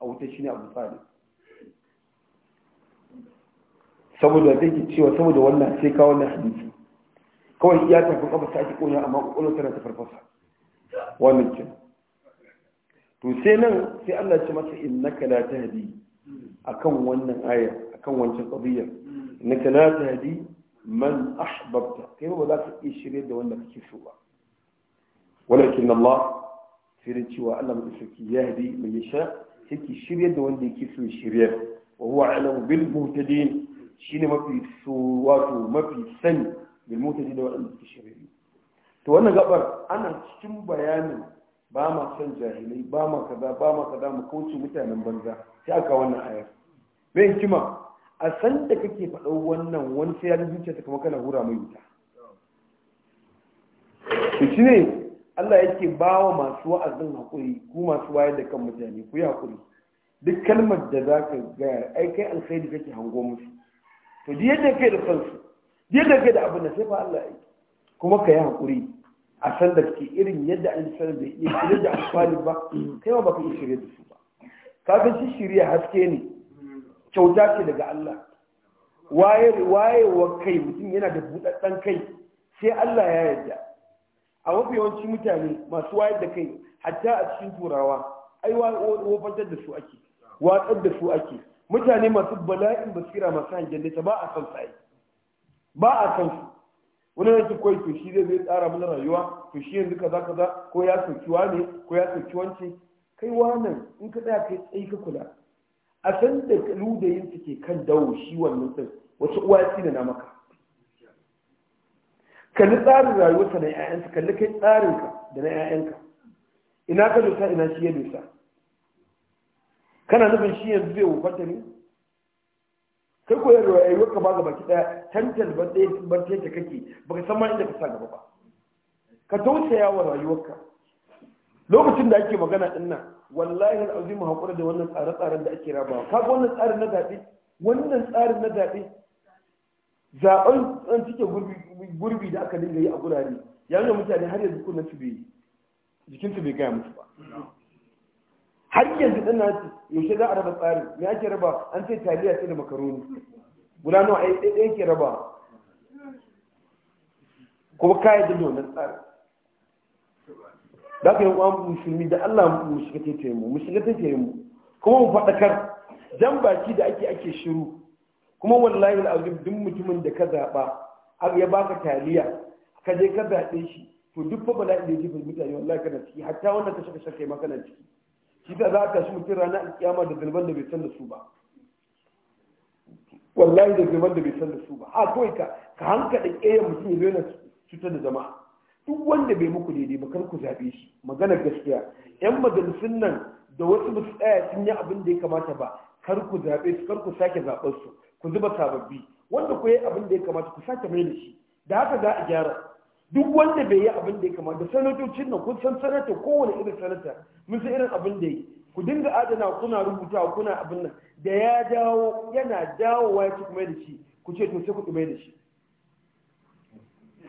a wuta shine abu tsari saboda da ke cewa saboda wannan sai kawo na hadisi kawai iya tafi gaba su ake konawa amma ƙwaƙwalwa tana ta farfasa wannan kenan to sai nan sai Allah ce masa innaka la tahdi akan wannan aya akan wancan qadiya innaka la tahdi man ahbabta kai ba za ka iya shirye da wanda kake so ba walakin Allah sai da cewa Allah mai sauki ya hadi mai yasha yake shirye da wanda yake so shirye wa huwa alamu bil muhtadin shine mafi so wato mafi sani bil muhtadin da wanda suke shirye to wannan gabar ana cikin bayanin ba ma son jahilai ba ma kaza ba ma kaza mu kauce mutanen banza sai aka wannan ayar bai hikima a san da kake faɗo wannan wani sai ya zuciya ta kuma kana hura mai wuta to ne Allah yake bawa masu wa'azin hakuri ku masu wayar da kan mutane ku yi hakuri duk kalmar da za ka gaya ai kai alkhairi kake hango musu to duk yadda kai da kansu duk yadda kai da abin da sai fa Allah ya kuma ka yi hakuri a san da suke irin yadda an san da iya shirya da alfalin ba kai ma baka iya shirya da su ba kafin shi shirya haske ne kyauta ce daga Allah waye wayewa kai mutum yana da budaddan kai sai Allah ya yarda a mafi yawanci mutane masu wayar da kai hatta a cikin turawa ai wofantar da su ake watsar da su ake mutane masu bala'in basira masu hangen ta ba a san sai ba a san su wani yana ce kawai to shi zai zai tsara mana rayuwa to shi yanzu kaza kaza ko ya soki wane ko ya soki wance kai wannan in ka tsaya kai tsayi ka kula a san da yin ke kan dawo shi wannan din wasu uwa ya tsina na maka kalli tsarin rayuwarsa na 'ya'yansa kalli kai ka da na 'ya'yanka ina ka dosa ina shi ya dosa kana nufin shi yanzu zai wufanta ne kai ko yaro eh, ai waka ba gaba daya tantan ban dai ban tanta kake baka san ma inda ka sa gaba ba ka tausaya wa rayuwarka lokacin da ake magana din nan wallahi alazim hakura da wannan tsare-tsaren da ake rabawa kaga wannan tsarin na zabe wannan tsarin na zabe zaben an cike gurbi gurbi da aka dinga yi a gurare ya nuna mutane har yanzu kunnan su bai jikin su bai gaya musu ba har yanzu ɗin na yaushe za a raba tsarin me ake raba an ce taliya ce da makaroni guda nawa ai ɗaya ke raba kuma kaya da wannan tsarin da ka yi wa musulmi da Allah mu shiga ta mu mu shiga taitaye mu kuma mu faɗakar jan baki da ake ake shiru kuma wallahi al'azim duk mutumin da ka zaɓa har ya baka taliya ka je ka zaɓe shi to duk fa bala'i da ya jefa mutane wallahi kana ciki hatta wannan kashe shaka shaka ma kana ciki shi za ta shi mutum a kiyama da zulman da bai san su ba wallahi da zulman da bai san su ba A, kawai ka ka hanka da ƙeya mutum ya zo cutar da zama. duk wanda bai muku daidai ba kar ku zaɓe shi maganar gaskiya yan majalisun nan da wasu ba su tsaya sun yi abin da ya kamata ba kar ku zaɓe su kar ku sake zaɓen su ku zuba sababbi wanda ku yi abin da ya kamata ku sake mai da shi da haka za a gyara duk wanda bai yi abin da ya kamata sanatocin nan kun san sanata kowane irin sanata mun san irin abin da ya yi ku dinga adana kuna rubuta kuna abin nan da ya dawo yana dawowa ya ku kuma da shi ku ce to sai ku kuma da shi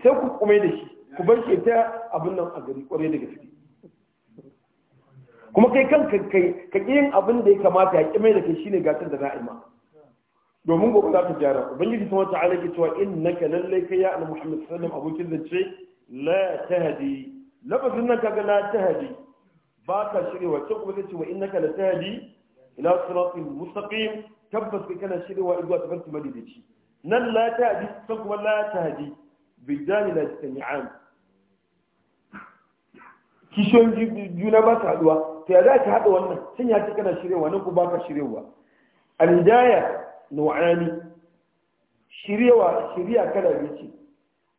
sai ku kuma da shi ku bar shi ta abin nan a gari kwarai da gaske kuma kai kanka kai ka yin abin da ya kamata ya ki mai da kai shine gasar da na'ima. yi ma domin gobe za ta gyara ubangiji kuma ta alaƙi cewa in na ka lallai kai ya annabi muhammad sallam abokin zance la tahdi lafazin nan kaga la tahdi ba ka shirye wacce kuma zai ce wa in naka la tahdi ila siratin mustaqim tabbas kai kana shiryewa zuwa tafarki madidici nan la tahdi san kuma la tahdi bidani la jami'an kishon juna ba ta haɗuwa ta ya ka haɗa wannan sun ya ce kana shiryewa nan ku ba ka shiryewa al-hidayah nu'ani shiryawa shirya kala biyu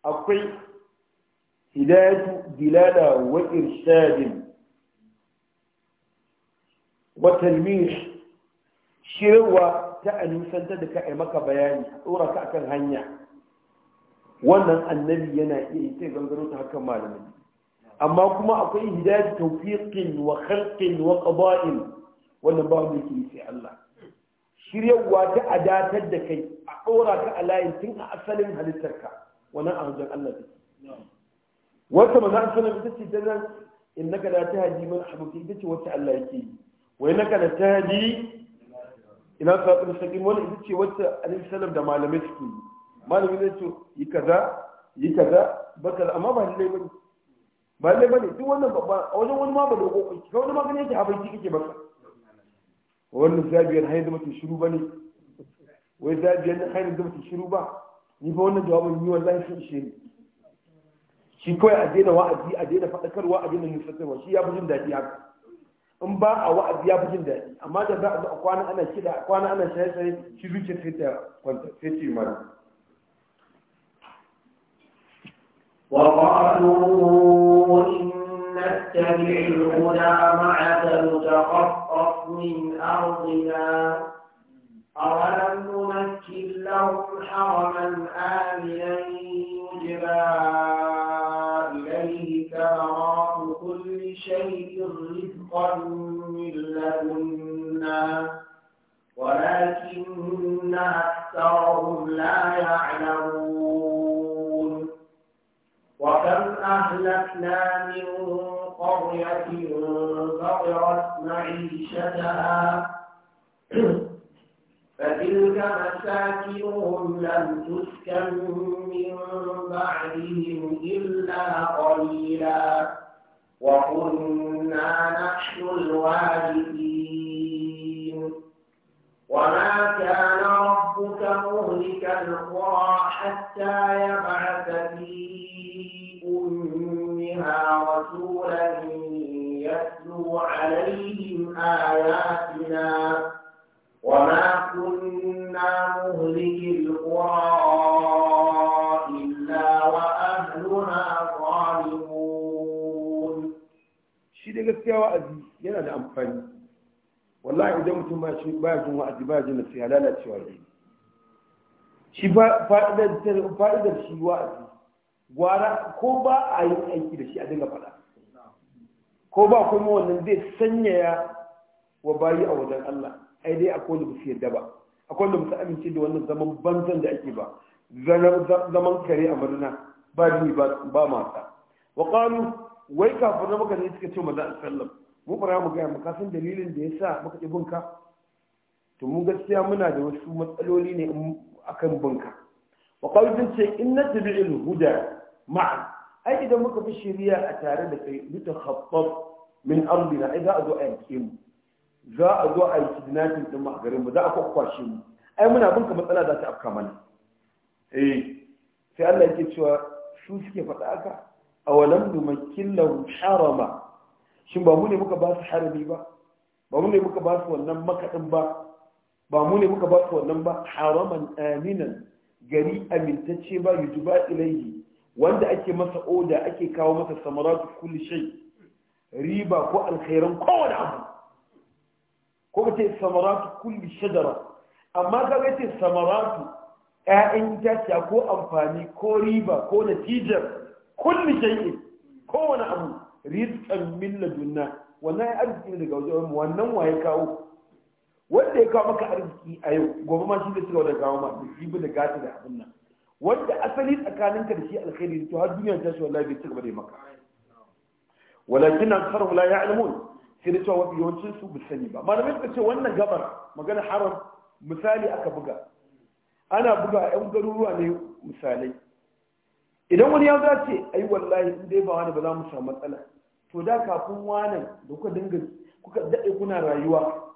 akwai hidayatu dilala wa irshadin wa talmish shirwa ta anisanta da ka maka bayani tsora ka akan hanya wannan annabi yana iya sai gangaro ta hakan malamin amma kuma akwai hidayatu tawfiqin wa khalqin wa qada'in wannan ba mu yake sai Allah shiryarwa ta a datar da kai a ɗora ka a layin tun a asalin halittarka wannan a hujjar Allah ne wata maza asalin ita ce ta nan in naka da ta haji mana abokin ita ce wacce Allah yake yi wai naka da ta haji ina sa ɗin sakin wani ita ce wacce alaihi sanar da malamai suke yi malami zai ce yi kaza yi kaza bakar amma ba lallai bane ba lallai ne duk wannan babba a wajen wani ma ba da kokon ki wani ma ganin yake habaiki kake baka wannan zabiyar hanyar da mutum shiru ba ne wai zabiyar hanyar da mutum shiru ba ni ba wannan jawabin ni wallahi shi ishe ni shi kawai a daina wa'azi a daina faɗakarwa a daina nufatarwa shi ya fi jin daɗi haka in ba a wa'azi ya fi jin daɗi amma da za a zo a kwana ana kiɗa a kwana ana shaye-shaye shi zuciya sai ta kwanta sai ce mana وقالوا إن نتبع الهدى معك نتخطف من أرضنا أولم نمكن لهم حرما آمنا يجبى إليه ثمرات كل شيء رزقا من لدنا ولكن أكثرهم لا يعلمون وكم أهلكنا من قرية بطرت معيشتها فتلك مساكنهم لم تسكن من بعدهم إلا قليلا وكنا masallaci baya jin wa'azi baya jin nasiha lalacewa ne shi fa'idar shi wa'azi gwara ko ba a yi aiki da shi a dinga faɗa ko ba kuma wannan zai sanyaya wa bayi a wajen Allah ai dai akwai wanda su yadda ba akwai wanda su amince da wannan zaman banzan da ake ba zaman kare a murna ba ni ba mata wa qalu wai kafin maka ne suka ce a sallam mu fara mu gaya mu san dalilin da ya sa muka ƙi bunka to mu gaskiya muna da wasu matsaloli ne akan bunka wa qalu ce in huda ma'a ai idan muka fi shirya a tare da kai mutakhaffaf min ardina ai za a zo a yanke mu za a zo a yi kidnapping din mu a garin mu za a kwakwashe mu ai muna bunka matsala za ta afka mana eh sai Allah yake cewa su suke faɗa haka walam numakkin lahu harama shin ba mu ne muka ba su harami ba ba mu ne muka ba su wannan makaɗin ba ba mu ne muka ba su wannan ba haraman aminan gari amintacce ba yujuba ilayhi wanda ake masa oda ake kawo masa samaratu kulli shay riba ko alkhairan kowane abu ko kace samaratu kulli shajara amma ka kace samaratu ƴaƴan itaciya ko amfani ko riba ko natijar kulli shay'in kowane abu rizqan min ladunna wannan ya arziki daga wajen wannan waye kawo wanda ya kawo maka arziki a yau gobe ma shi zai ci da kawo ma riba da gata da abin nan wanda asali tsakanin da shi alkhairi to har duniya ta shi wallahi bai ci gaba da maka walakin akharu la ya'lamun sai da cewa yawancin su bu sani ba malamai suka ce wannan gabar magana haram misali aka buga ana buga a 'yan garuruwa ne misalai idan wani ya za ce ai wallahi in dai ba wani ba za mu samu matsala to da kafin wanan da kuka dinga kuka daɗe kuna rayuwa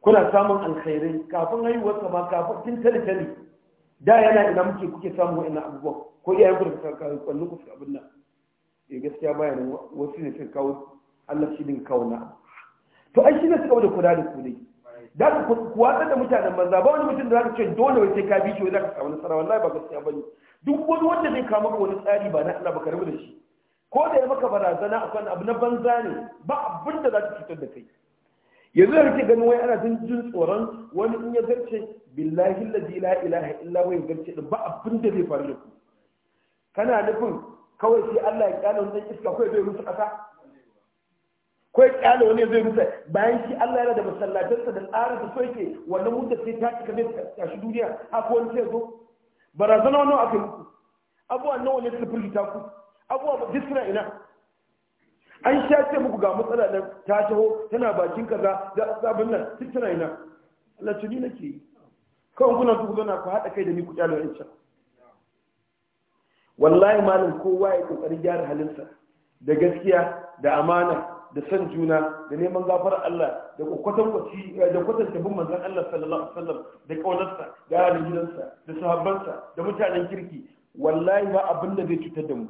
kuna samun alkhairai kafin haihuwarsa ma kafin tun tale da yana ina muke kuke samun ina abubuwa ko iyayen ku da suka kawo kwallon ku suka abin nan eh gaskiya baya nan wasu ne suka kawo Allah shi din kawo na to ai shi ne suka da kula da ku dai da ku watsar da mutanen banza ba wani mutum da zaka ce dole wai sai ka bi shi wai zaka samu nasara wallahi ba gaskiya bane duk wani wanda zai kawo maka wani tsari ba na Allah ba ka rabu da shi ko da ya maka barazana akan abu na banza ne ba abin da za ta da kai yanzu da kake ganin wai ana jin tsoron wani in ya zarce billahi alladhi la ilaha illa wai zarce din ba abin da zai faru da ku kana nufin kawai sai Allah ya kyale wannan iska kawai zai rusa kasa kawai kyale wani zai rusa bayan shi Allah yana da masallatansa da tsarin da so yake wannan wanda sai ta cika zai shi duniya ko wani sai zo barazana wani aka yi muku abubuwan nawa ne su firgita ku abubuwa duk ina an sha ce muku ga matsala nan ta taho tana bakin kaza da sabon nan duk tana ina Allah tuni nake kawai kuna su zo na ku haɗa kai da ni ku kyale wancan wallahi malam kowa ya kokari gyara halinsa da gaskiya da amana da san juna da neman gafar Allah da kwaci eh, da kwatanta bin manzon Allah sallallahu alaihi wasallam da kaunarsa da halin gidansa da sahabbansa da mutanen kirki wallahi ba abin da zai cutar da mu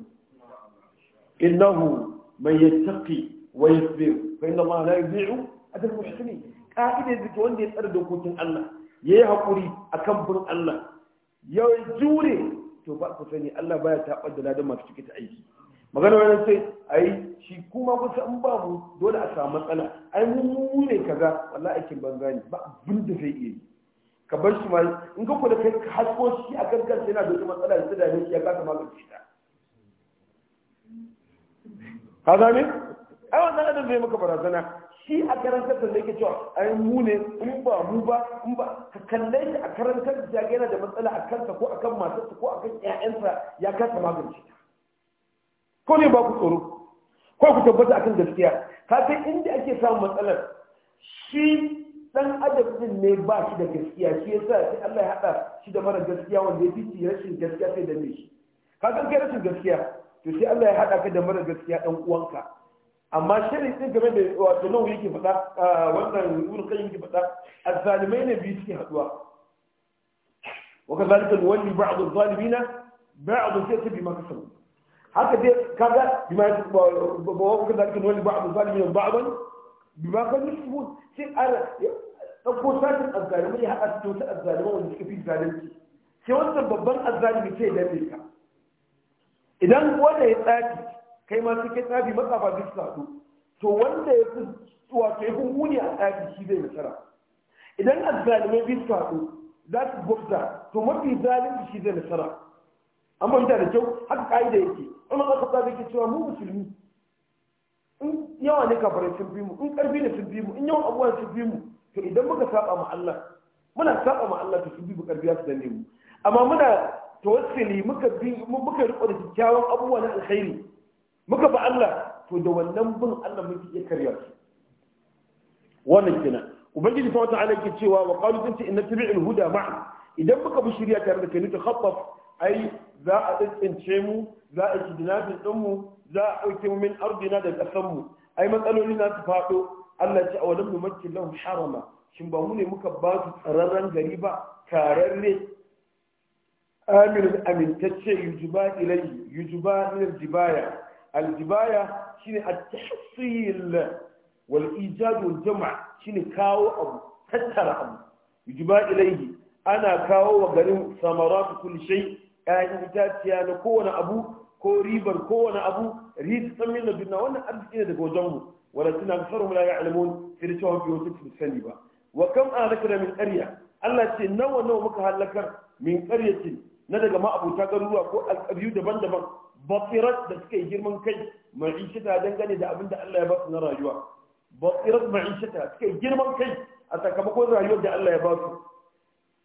innahu من يتقي ويصبر فإن الله لا يضيع أجر المحسنين قاعدة ذكي وندي يتأرد وكوتين الله يهقري أكبر الله يجوري to ba ku sani Allah baya taɓar da ladan masu cike ta aiki magana wani sai ai shi kuma kusa in babu dole a samu matsala ai mu ne kaza wallahi aikin banza ne ba abin zai iya ka bar shi ma in ka kula kai ka hasko a kan yana da matsala da ta dame shi ya ka gane ai wannan adam zai maka barazana shi a karantar da yake cewa ai mu ne in ba mu ba in ba ka kalle shi a karantar da yana da matsala a kansa ko akan matarsa ko akan ƴaƴansa ya kasa magance ko ne ba ku tsoro ko ku tabbata akan gaskiya ka sai inda ake samun matsalar shi dan adam din ne ba shi da gaskiya shi yasa sai Allah ya hada shi da mara gaskiya wanda ya fi rashin gaskiya sai da ne shi ka san kai rashin gaskiya to sai Allah ya hada ka da mara gaskiya dan uwanka amma shirin din game da wato nan yake faɗa wannan ibn qayyim yake faɗa azzalimai ne biyu suke haduwa wa kazalika nuwalli ba'd az-zalimina ba'd sayyi bima kasabu haka dai kaga bima wa kazalika nuwalli ba'd az-zalimina ba'dan bima kasabu sai ar dauko sakin azzalimai ya hada su ta azzalimai wanda suka fi zalunci sai wannan babban azzalimi ce da ka idan wanda ya tsafi kai ma suke tsafi matsafa duk sadu to wanda ya fi wato ya fi muni a tsafi shi zai nasara idan zalimai bi su haɗu za su gwabza to mafi zalunci shi zai nasara an fahimta da kyau haka ka'ida yake in aka tsafi ke cewa mu musulmi in yawa ne kafarai sun bi mu in karfi ne sun bi mu in yawan abubuwan sun bi mu to idan muka saba ma Allah muna saba ma Allah to sun bi mu karfi za su danne mu amma muna tawassuli muka bi muka riko da kyakkyawan abubuwa na alkhairi muka ba Allah to da wannan bin Allah muke iya karya su wannan kenan ubangiji ta wata yake cewa wa qalu tunti inna tabi'ul huda ma'a idan muka bi shirya tare da kai nuka khaffaf ai za a tsince mu za a ji dinafin din mu za a dauke mu min ardina da kasan mu ai matsaloli na su fado Allah ya ce awalam numakkin lahum harama shin ba mu ne muka ba su tsararren gari ba kararre aminun amintacce yujuba ilayhi yujuba min aljibaya aljibaya shine at-tahsil wal ijad wal jam' shine kawo abu tattara abu yujuba ilayhi ana kawo wa garin samarat kulli shay ayan itaciya na kowane abu ko ribar kowane abu rizqan min ladunna wannan arziki ne daga wajen mu walakin aktharuhum la ya'lamun sai da cewa biyo sani ba wa kam ahlakna min qarya Allah ce nawa nawa muka halakar min qaryatin na daga ma'abuta garuruwa ko alƙabiyu daban-daban basirat da suka yi girman kai mai ta dangane da abin da Allah ya ba su na rayuwa basirat ma'ishita ta suke girman kai a sakamakon rayuwar da Allah ya ba su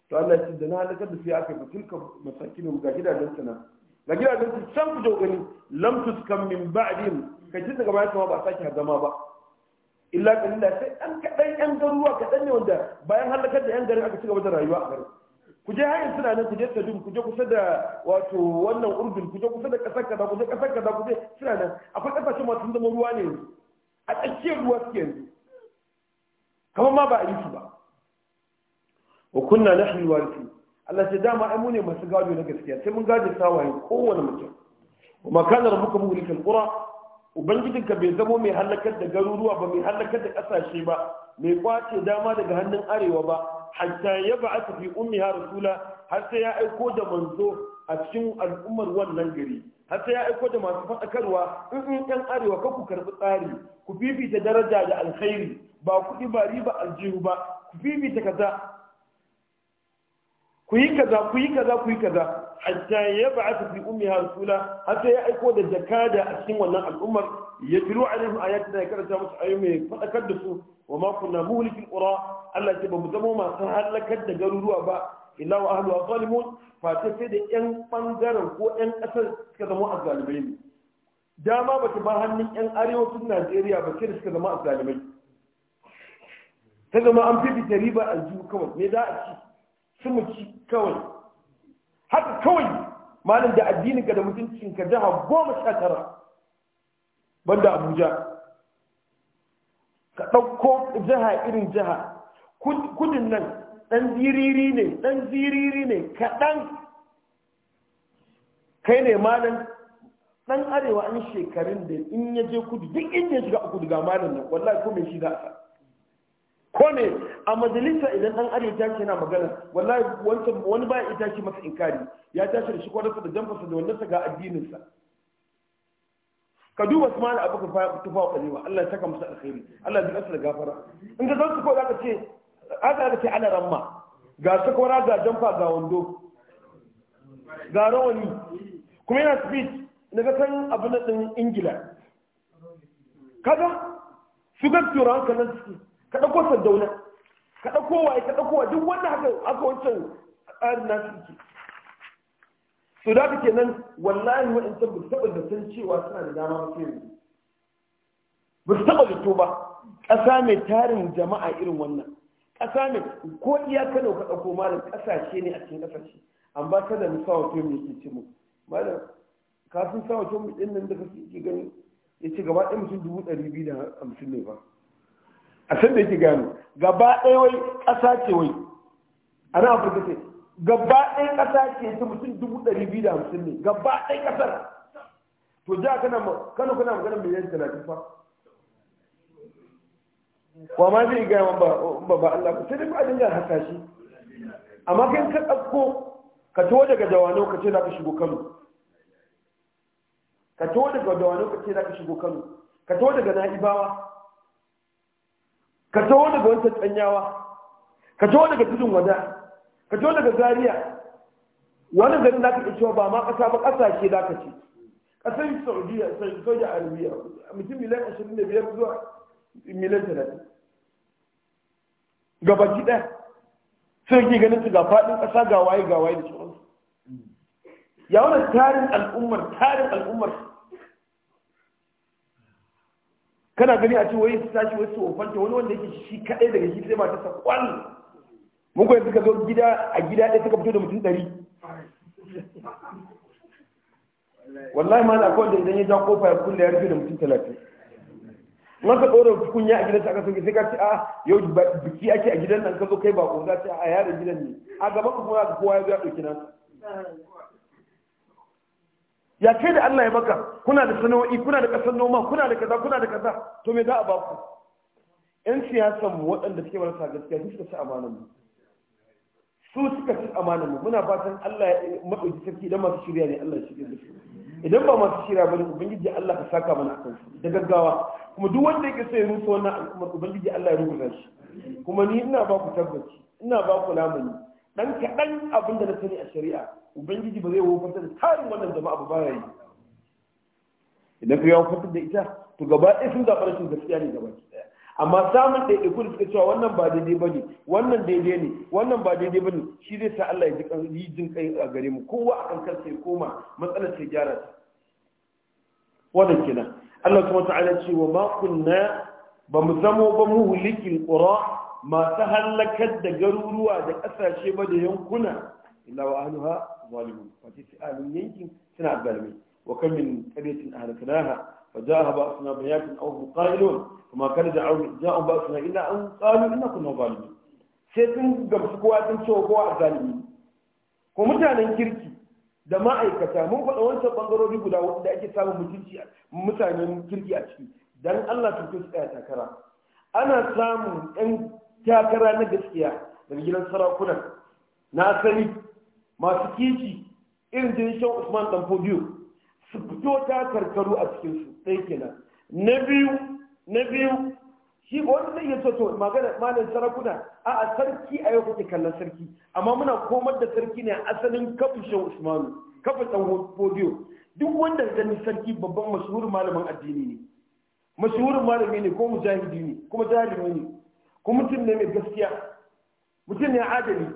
to Allah ya da na halakar da su ya aka yi tilka masakinu ga gidajen su na ga gidajen su can ku jau gani lam tuskan min ba'din ka ji daga bayan sama ba sake hazama ba illa kalila sai ɗan kaɗan ɗan garuruwa kaɗan ne wanda bayan halakar da ɗan garin aka ci gaba da rayuwa a garin ku je hayan suna nan ku je Sadum ku je kusa da wato wannan Urdun ku je kusa da kasar kaza ku je kasar kaza ku je suna nan akwai kasashen masu zama ruwa ne a tsakiyar ruwa suke yanzu kamar ma ba a yi su ba wa kunna nahnu su. Allah ce dama ai mu ne masu gado na gaskiya sai mun gaje sawaye kowane mutum kuma kana rabbuka muhlikal qura ubangijinka bai zamo mai halakar da garuruwa ba mai halakar da kasashe ba mai kwace dama daga hannun arewa ba hatta ya ba fi ummiha rasula har sai ya aiko da manzo a cikin al'ummar wannan gari har sai ya aiko da masu faɗakarwa in in ɗan arewa ka ku karɓi tsari ku fifita daraja da alkhairi ba kuɗi ba riba aljihu ba ku fifita kaza ku yi kaza ku yi kaza ku yi kaza hatta ya ba'atha fi ummiha rasula hatta ya aiko da jakada a cikin wannan al'ummar ya tilu alaihim ayatina ya karanta musu ayoyi mai faɗakar da su wa ma kunna muhlikil qura Allah ce ba mu zama masu halakar da garuruwa ba illa wa ahluha zalimun fa ta sai da yan bangaren ko yan kasar suka zama azzalimai ne dama ba ta ba hannun yan arewacin Najeriya ba sai da suka zama azzalimai ta zama an fifita riba a kawai me za a ci ci ci kawai haka kawai malam da addininka da mutuncinka jiha goma sha tara banda abuja ka ɗauko jiha irin jiha kudin nan ɗan ziriri ne ɗan ziriri ne kaɗan kai ne malin ɗan arewa an shekarun da in yaje kudu duk inda ya shiga a kudu ga malam nan wallahi ko mai shi za a ko ne a majalisa idan dan arewa ta na magana wallahi wani ba ya ce masa inkari ya tashi da shi kwararsa da jamfarsa da wannan ga addininsa ka duba su mana abu ka tufa kwalewa Allah ya saka masa alkhairi Allah ya ji da gafara in ka zansu ko za ka ce aka ga ce ana ramma ga sakwara ga jamfa ga wando ga rawani kuma yana speech na ga san na din ingila kaga su ga turan nan suke ka ɗauko sandauna ka ɗauko waye ka ɗauko wa duk wanda haka aka wancan tsarin suke su da haka kenan wallahi wa'ancan ba su taɓa san cewa suna da dama ba sai ba su taɓa zato ba ƙasa mai tarin jama'a irin wannan ƙasa mai ko iya kano ka ɗauko malam ƙasashe ne a cikin ƙasashe amma kada mu sa wato mai ke mu malam kafin sa wato mu ɗin nan da kake gani ya ce gaba ɗaya mutum dubu ɗari biyu da hamsin ne ba a san da yake gano gaba ɗaya wai ƙasa ce wai ana afirka ce gaba ɗaya ƙasa ce ta mutum dubu ɗari biyu da hamsin ne gaba ɗaya ƙasar to ja kana kano kana magana yanzu talatin fa wa ma zai gaya ba ba Allah ku sai dai ba dinga haka shi amma kai ka ɗauko ka wajen daga jawano ka ce za ka shigo kano ka wajen ga jawano ka ce za ka shigo kano ka wajen daga na'ibawa ka taho daga wancan tsanyawa ka taho daga tudun wada ka taho daga Zariya. wani garin da ka iya cewa ba ma ƙasa ba ƙasa ƙasashe za ka ce ƙasar saudiya saudiya arabiya mutum miliyan ashirin da biyar zuwa miliyan talatin gabaki ɗaya sai ke ganin su ga faɗin ƙasa ga waye ga waye da shi ya wani tarin al'ummar tarin al'ummar kana gani a ce wai su tashi wasu tsofanta wani wanda yake shi kadai daga shi sai matarsa kwal mun kuwa suka zo gida a gida ɗaya suka fito da mutum ɗari wallahi ma na akwai wanda idan ya ja kofa ya kulle ya rufe da mutum talatin in ka ɗora kunya a gidansa aka sauke sai ka ce a ah, yau biki ake a gidan nan ka zo kai bako za ce a ah, yaron gidan ne a gaban kuma kowa ya zo ya ɗauki nan ya kai da Allah ya baka kuna da sana'o'i kuna da kasar noma kuna da kaza kuna da kaza to me za a ba ku yan siyasan mu waɗanda suke marasa gaskiya su suka ci amanar mu su suka ci amanar mu muna fatan Allah ya madauki sarki idan masu shirya ne Allah ya shirya da su idan ba masu shirya bane ubangiji Allah ka saka mana akan su da gaggawa kuma duk wanda yake so ya rusa wannan al'ummar ubangiji Allah ya rubuta shi kuma ni ina ba ku tabbaci ina ba ku lamuni dan kaɗan abin da na sani a shari'a ubangiji ba zai wofantar da tarin wannan da ba baya yi idan ka yi wofantar da ita to gaba ɗaya sun zaɓa rashin gaskiya ne gaba ɗaya amma samun ɗaiɗaiku da suka cewa wannan ba daidai ba ne wannan daidai ne wannan ba daidai ba ne shi zai sa Allah ya ji jin kai a gare mu kowa akan kansa ya koma matsalar sai gyara ta wannan kenan Allah kuma ta'ala ce wa ma kunna ba mu zamo ba mu hulikin qura masu hallakar da garuruwa da ƙasashe ba da yankuna illa wa ahluha zalimun wace sai ahalin yankin suna azalimi wa kan min qaryatin ahlaknaha fa jaaha ba'suna bayatun aw hum qa'ilun kuma kada ja'u ja'u ba'suna illa an qalu innakum zalimun sai sun gamsu kowa sun cewa kowa azalimi ko mutanen kirki da ma'aikata mun faɗa wancan bangarori guda wanda ake samun mutunci mutanen kirki a ciki dan Allah tun kai tsaya takara ana samun ɗan takara na gaskiya daga gidan sarakuna na asali masu kishi irin jinshin usman dan fodiyo su fito ta karkaru a cikinsu ɗaya kenan na biyu na biyu shi wani zai iya soto magana malin sarakuna a a sarki a yau kuke kallon sarki amma muna komar da sarki ne asalin kafin usmanu kafin dan fodiyo duk wanda gani sarki babban mashuhurin malamin addini ne mashuhurin malami ne ko mujahidi ne kuma jarumi ne ko mutum ne mai gaskiya mutum ne adali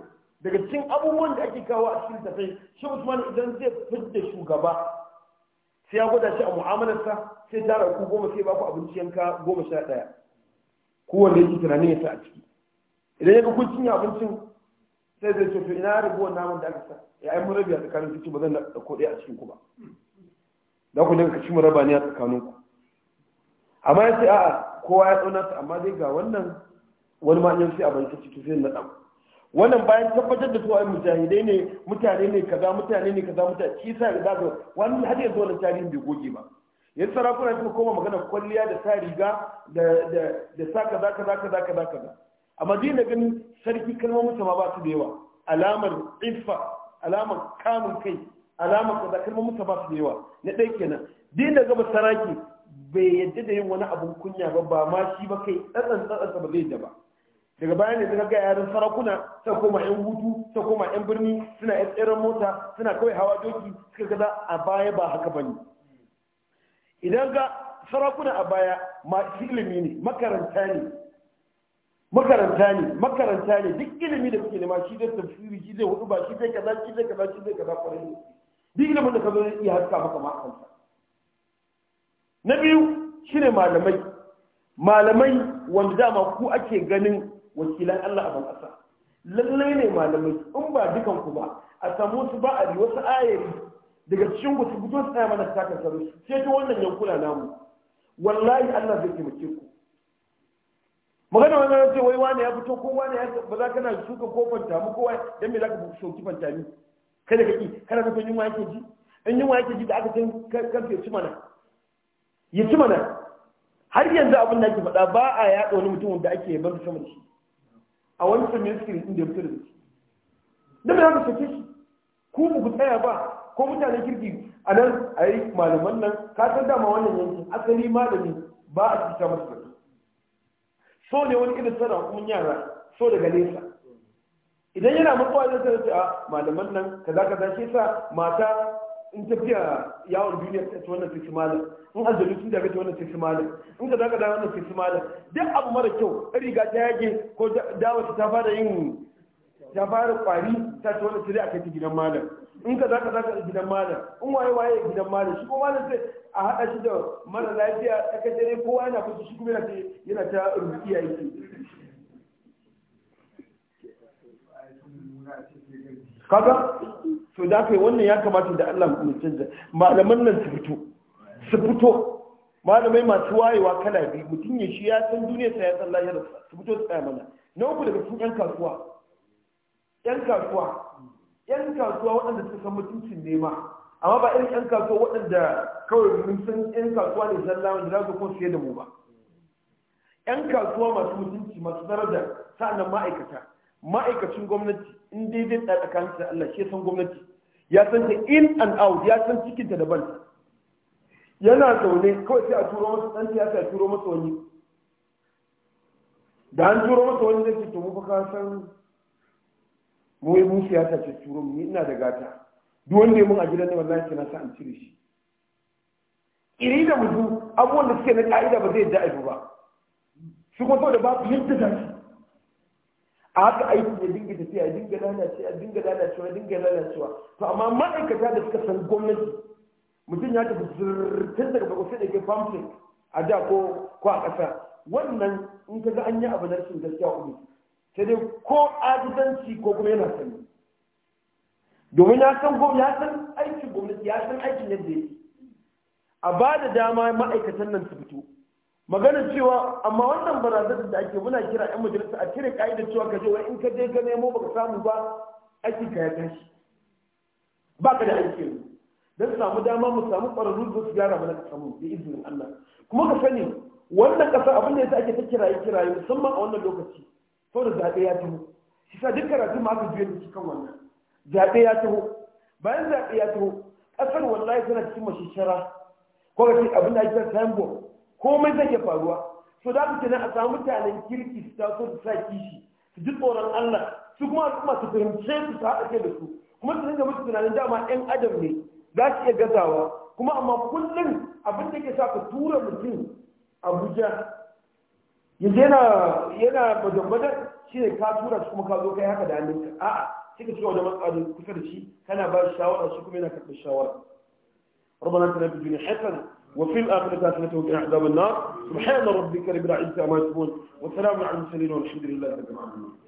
daga cikin abubuwan da ake kawo a cikin tafai shi usman idan zai fidda shugaba sai ya gwada shi a mu'amalarsa sai tara ku goma sai ba ku abinci yanka goma sha ɗaya kowanne yake tunanin ya sa a ciki idan ya ga kun cinye abincin sai zai ce to ina rabuwar naman da aka sa ya ai mun rabi a tsakanin su ba zan da ko a cikin ku ba da ku dinga kashi muraba ne a tsakanin ku amma ya ce a'a kowa ya tsauna amma dai ga wannan wani ma sai a banki ciki sai na ɗan wannan bayan tabbatar da cewa mujahidai ne mutane ne kaza mutane ne kaza mutane shi sa da zaka wani har yanzu wannan tarihin bai goge ba yanzu sarakuna suka koma magana kwalliya da sa riga da da da sa kaza kaza kaza kaza kaza a madina ganin sarki kalmar Musa ma ba su da yawa alamar iffa alamar kamun kai alamar kaza kalmar Musa ba su da yawa na ɗaya kenan dina gaba saraki bai yadda da yin wani abun kunya ba ba ma shi ba kai tsatsan tsatsan ba zai da ba daga baya ne suka ga yaran sarakuna ta koma yan hutu ta koma yan birni suna yan tseren mota suna kawai hawa doki suka gaza a baya ba haka bane idan ga sarakuna a baya masu ilimi ne makaranta ne makaranta ne makaranta ne duk ilimi da suke nema shi zai tafsiri shi zai hudu ba shi zai kaza shi zai kaza shi zai kaza kwarai ne duk ilimin da ka zo iya haska maka makansa na biyu shine malamai malamai wanda dama ku ake ganin wakilan Allah a bankasa lallai ne malamai in ba dukan ku ba a samu su ba a bi wasu ayari daga cikin ku su fito su tsaya mana ta saro su ta wannan yankuna namu wallahi Allah zai taimake ku magana wannan ce wai wani ya fito ko wani ya ba za ka na shuka ko fanta mu kowa dan me za ka ki fanta ni kada kake kana ka yunwa yake ji in yunwa yake ji da aka san karfe ci mana ya ci mana har yanzu abin da ake faɗa ba a yaɗa wani mutum da ake yabar sama da shi a wancan ministry din da ya fito da shi da ba za sake shi ko mu ku tsaya ba ko mutane kirki a nan a yi malaman nan ka san dama wannan yankin asali malami ba a cika masa zato so ne wani irin sana kuma yara so daga nesa idan yana matsawa zai sai a ah, malaman nan kaza kaza shi sa mata in tafiya yawon duniya ta ci wannan sisi malam in aljanu sun daga ta wannan sisi malam in ka daga da wannan sisi malam duk abu mara kyau riga ta yage ko dawa ta fara yin ta fara kwari ta ci wannan sisi a kai ta gidan malam in ka daga zaka gidan malam in waye waye gidan malam shi kuma malam sai a haɗa shi da mara lafiya kai dare kowa yana kusa shi kuma yana ta rubuci ya yi kaga to da kai wannan ya kamata da Allah mu canza malaman nan su fito su fito malamai masu wayewa kala biyu mutum ya shi ya san duniya sa ya san lahirar su fito su tsaya mana na uku daga cikin yan kasuwa yan kasuwa yan kasuwa waɗanda suka san mutuncin nema amma ba irin yan kasuwa waɗanda kawai mun san yan kasuwa ne zalla wanda za su kuma siye da mu ba yan kasuwa masu mutunci masu da sa'annan ma'aikata ma'aikacin gwamnati in dai zai tsaya tsakaninsa da Allah shi san gwamnati ya san ta in and out ya san cikinta da banta yana zaune kawai sai a turo masa dan siyasa sai turo masa wani da an turo masa wani zai ce to mu fa san mu yi mu siyasa ce turo mu ina da gata duk wanda mun a gidan ne wallahi kina sa an cire shi iri da mutum abubuwan da suke na ka'ida ba zai da ba su kuma da babu yadda da su a haka aiki ya dinga tafiya ya dinga lalacewa ya dinga lalacewa ya dinga lalacewa to amma ma'aikata da suka san gwamnati mutum ya tafi zurtun daga bako sai da ke famfin a da ko ko a ƙasa wannan in ka ga an yi abu na rashin gaskiya uku sai dai ko adizanci ko kuma yana sani domin ya san ya san aikin gwamnati ya san aikin yadda yake a ba da dama ma'aikatan nan su fito magana cewa amma wannan barazan da ake muna kira yan majalisa a cire ka'ida cewa ka je wai in ka je ka nemo baka samu ba aiki ka ya tashi ba ka da aiki don samu dama mu samu ƙwararru da su gyara mana ka samu da izinin Allah kuma ka sani wannan ƙasa abin da yasa ake ta kiraye kiraye musamman a wannan lokaci saboda zaɓe ya taho shi sa duk karatu ma aka biyo da shi kan wannan zaɓe ya taho bayan zaɓe ya taho ƙasar wallahi tana cikin mashishara ko ga abin da ake ta time bomb komai zai iya faruwa so da ku a samu mutanen kirki su taso su sa kishi su ji tsoron Allah su kuma kuma su fahimce su su haɗa kai da su kuma su dinga musu tunanin dama ɗan adam ne za su iya gazawa kuma amma kullum abin da ke sa ka tura mutum Abuja yanzu yana yana majambatar shi ne ka tura su kuma ka zo kai haka da hannunka a'a sai ka wajen matsalolin kusa da shi kana ba shi shawara shi kuma yana karɓar shawara ربنا اتنا في الدنيا حسنه وفي الآخرة تاتلتهم في عذاب النار سبحان ربك رب العزة ما يصفون وسلام على المرسلين والحمد لله رب العالمين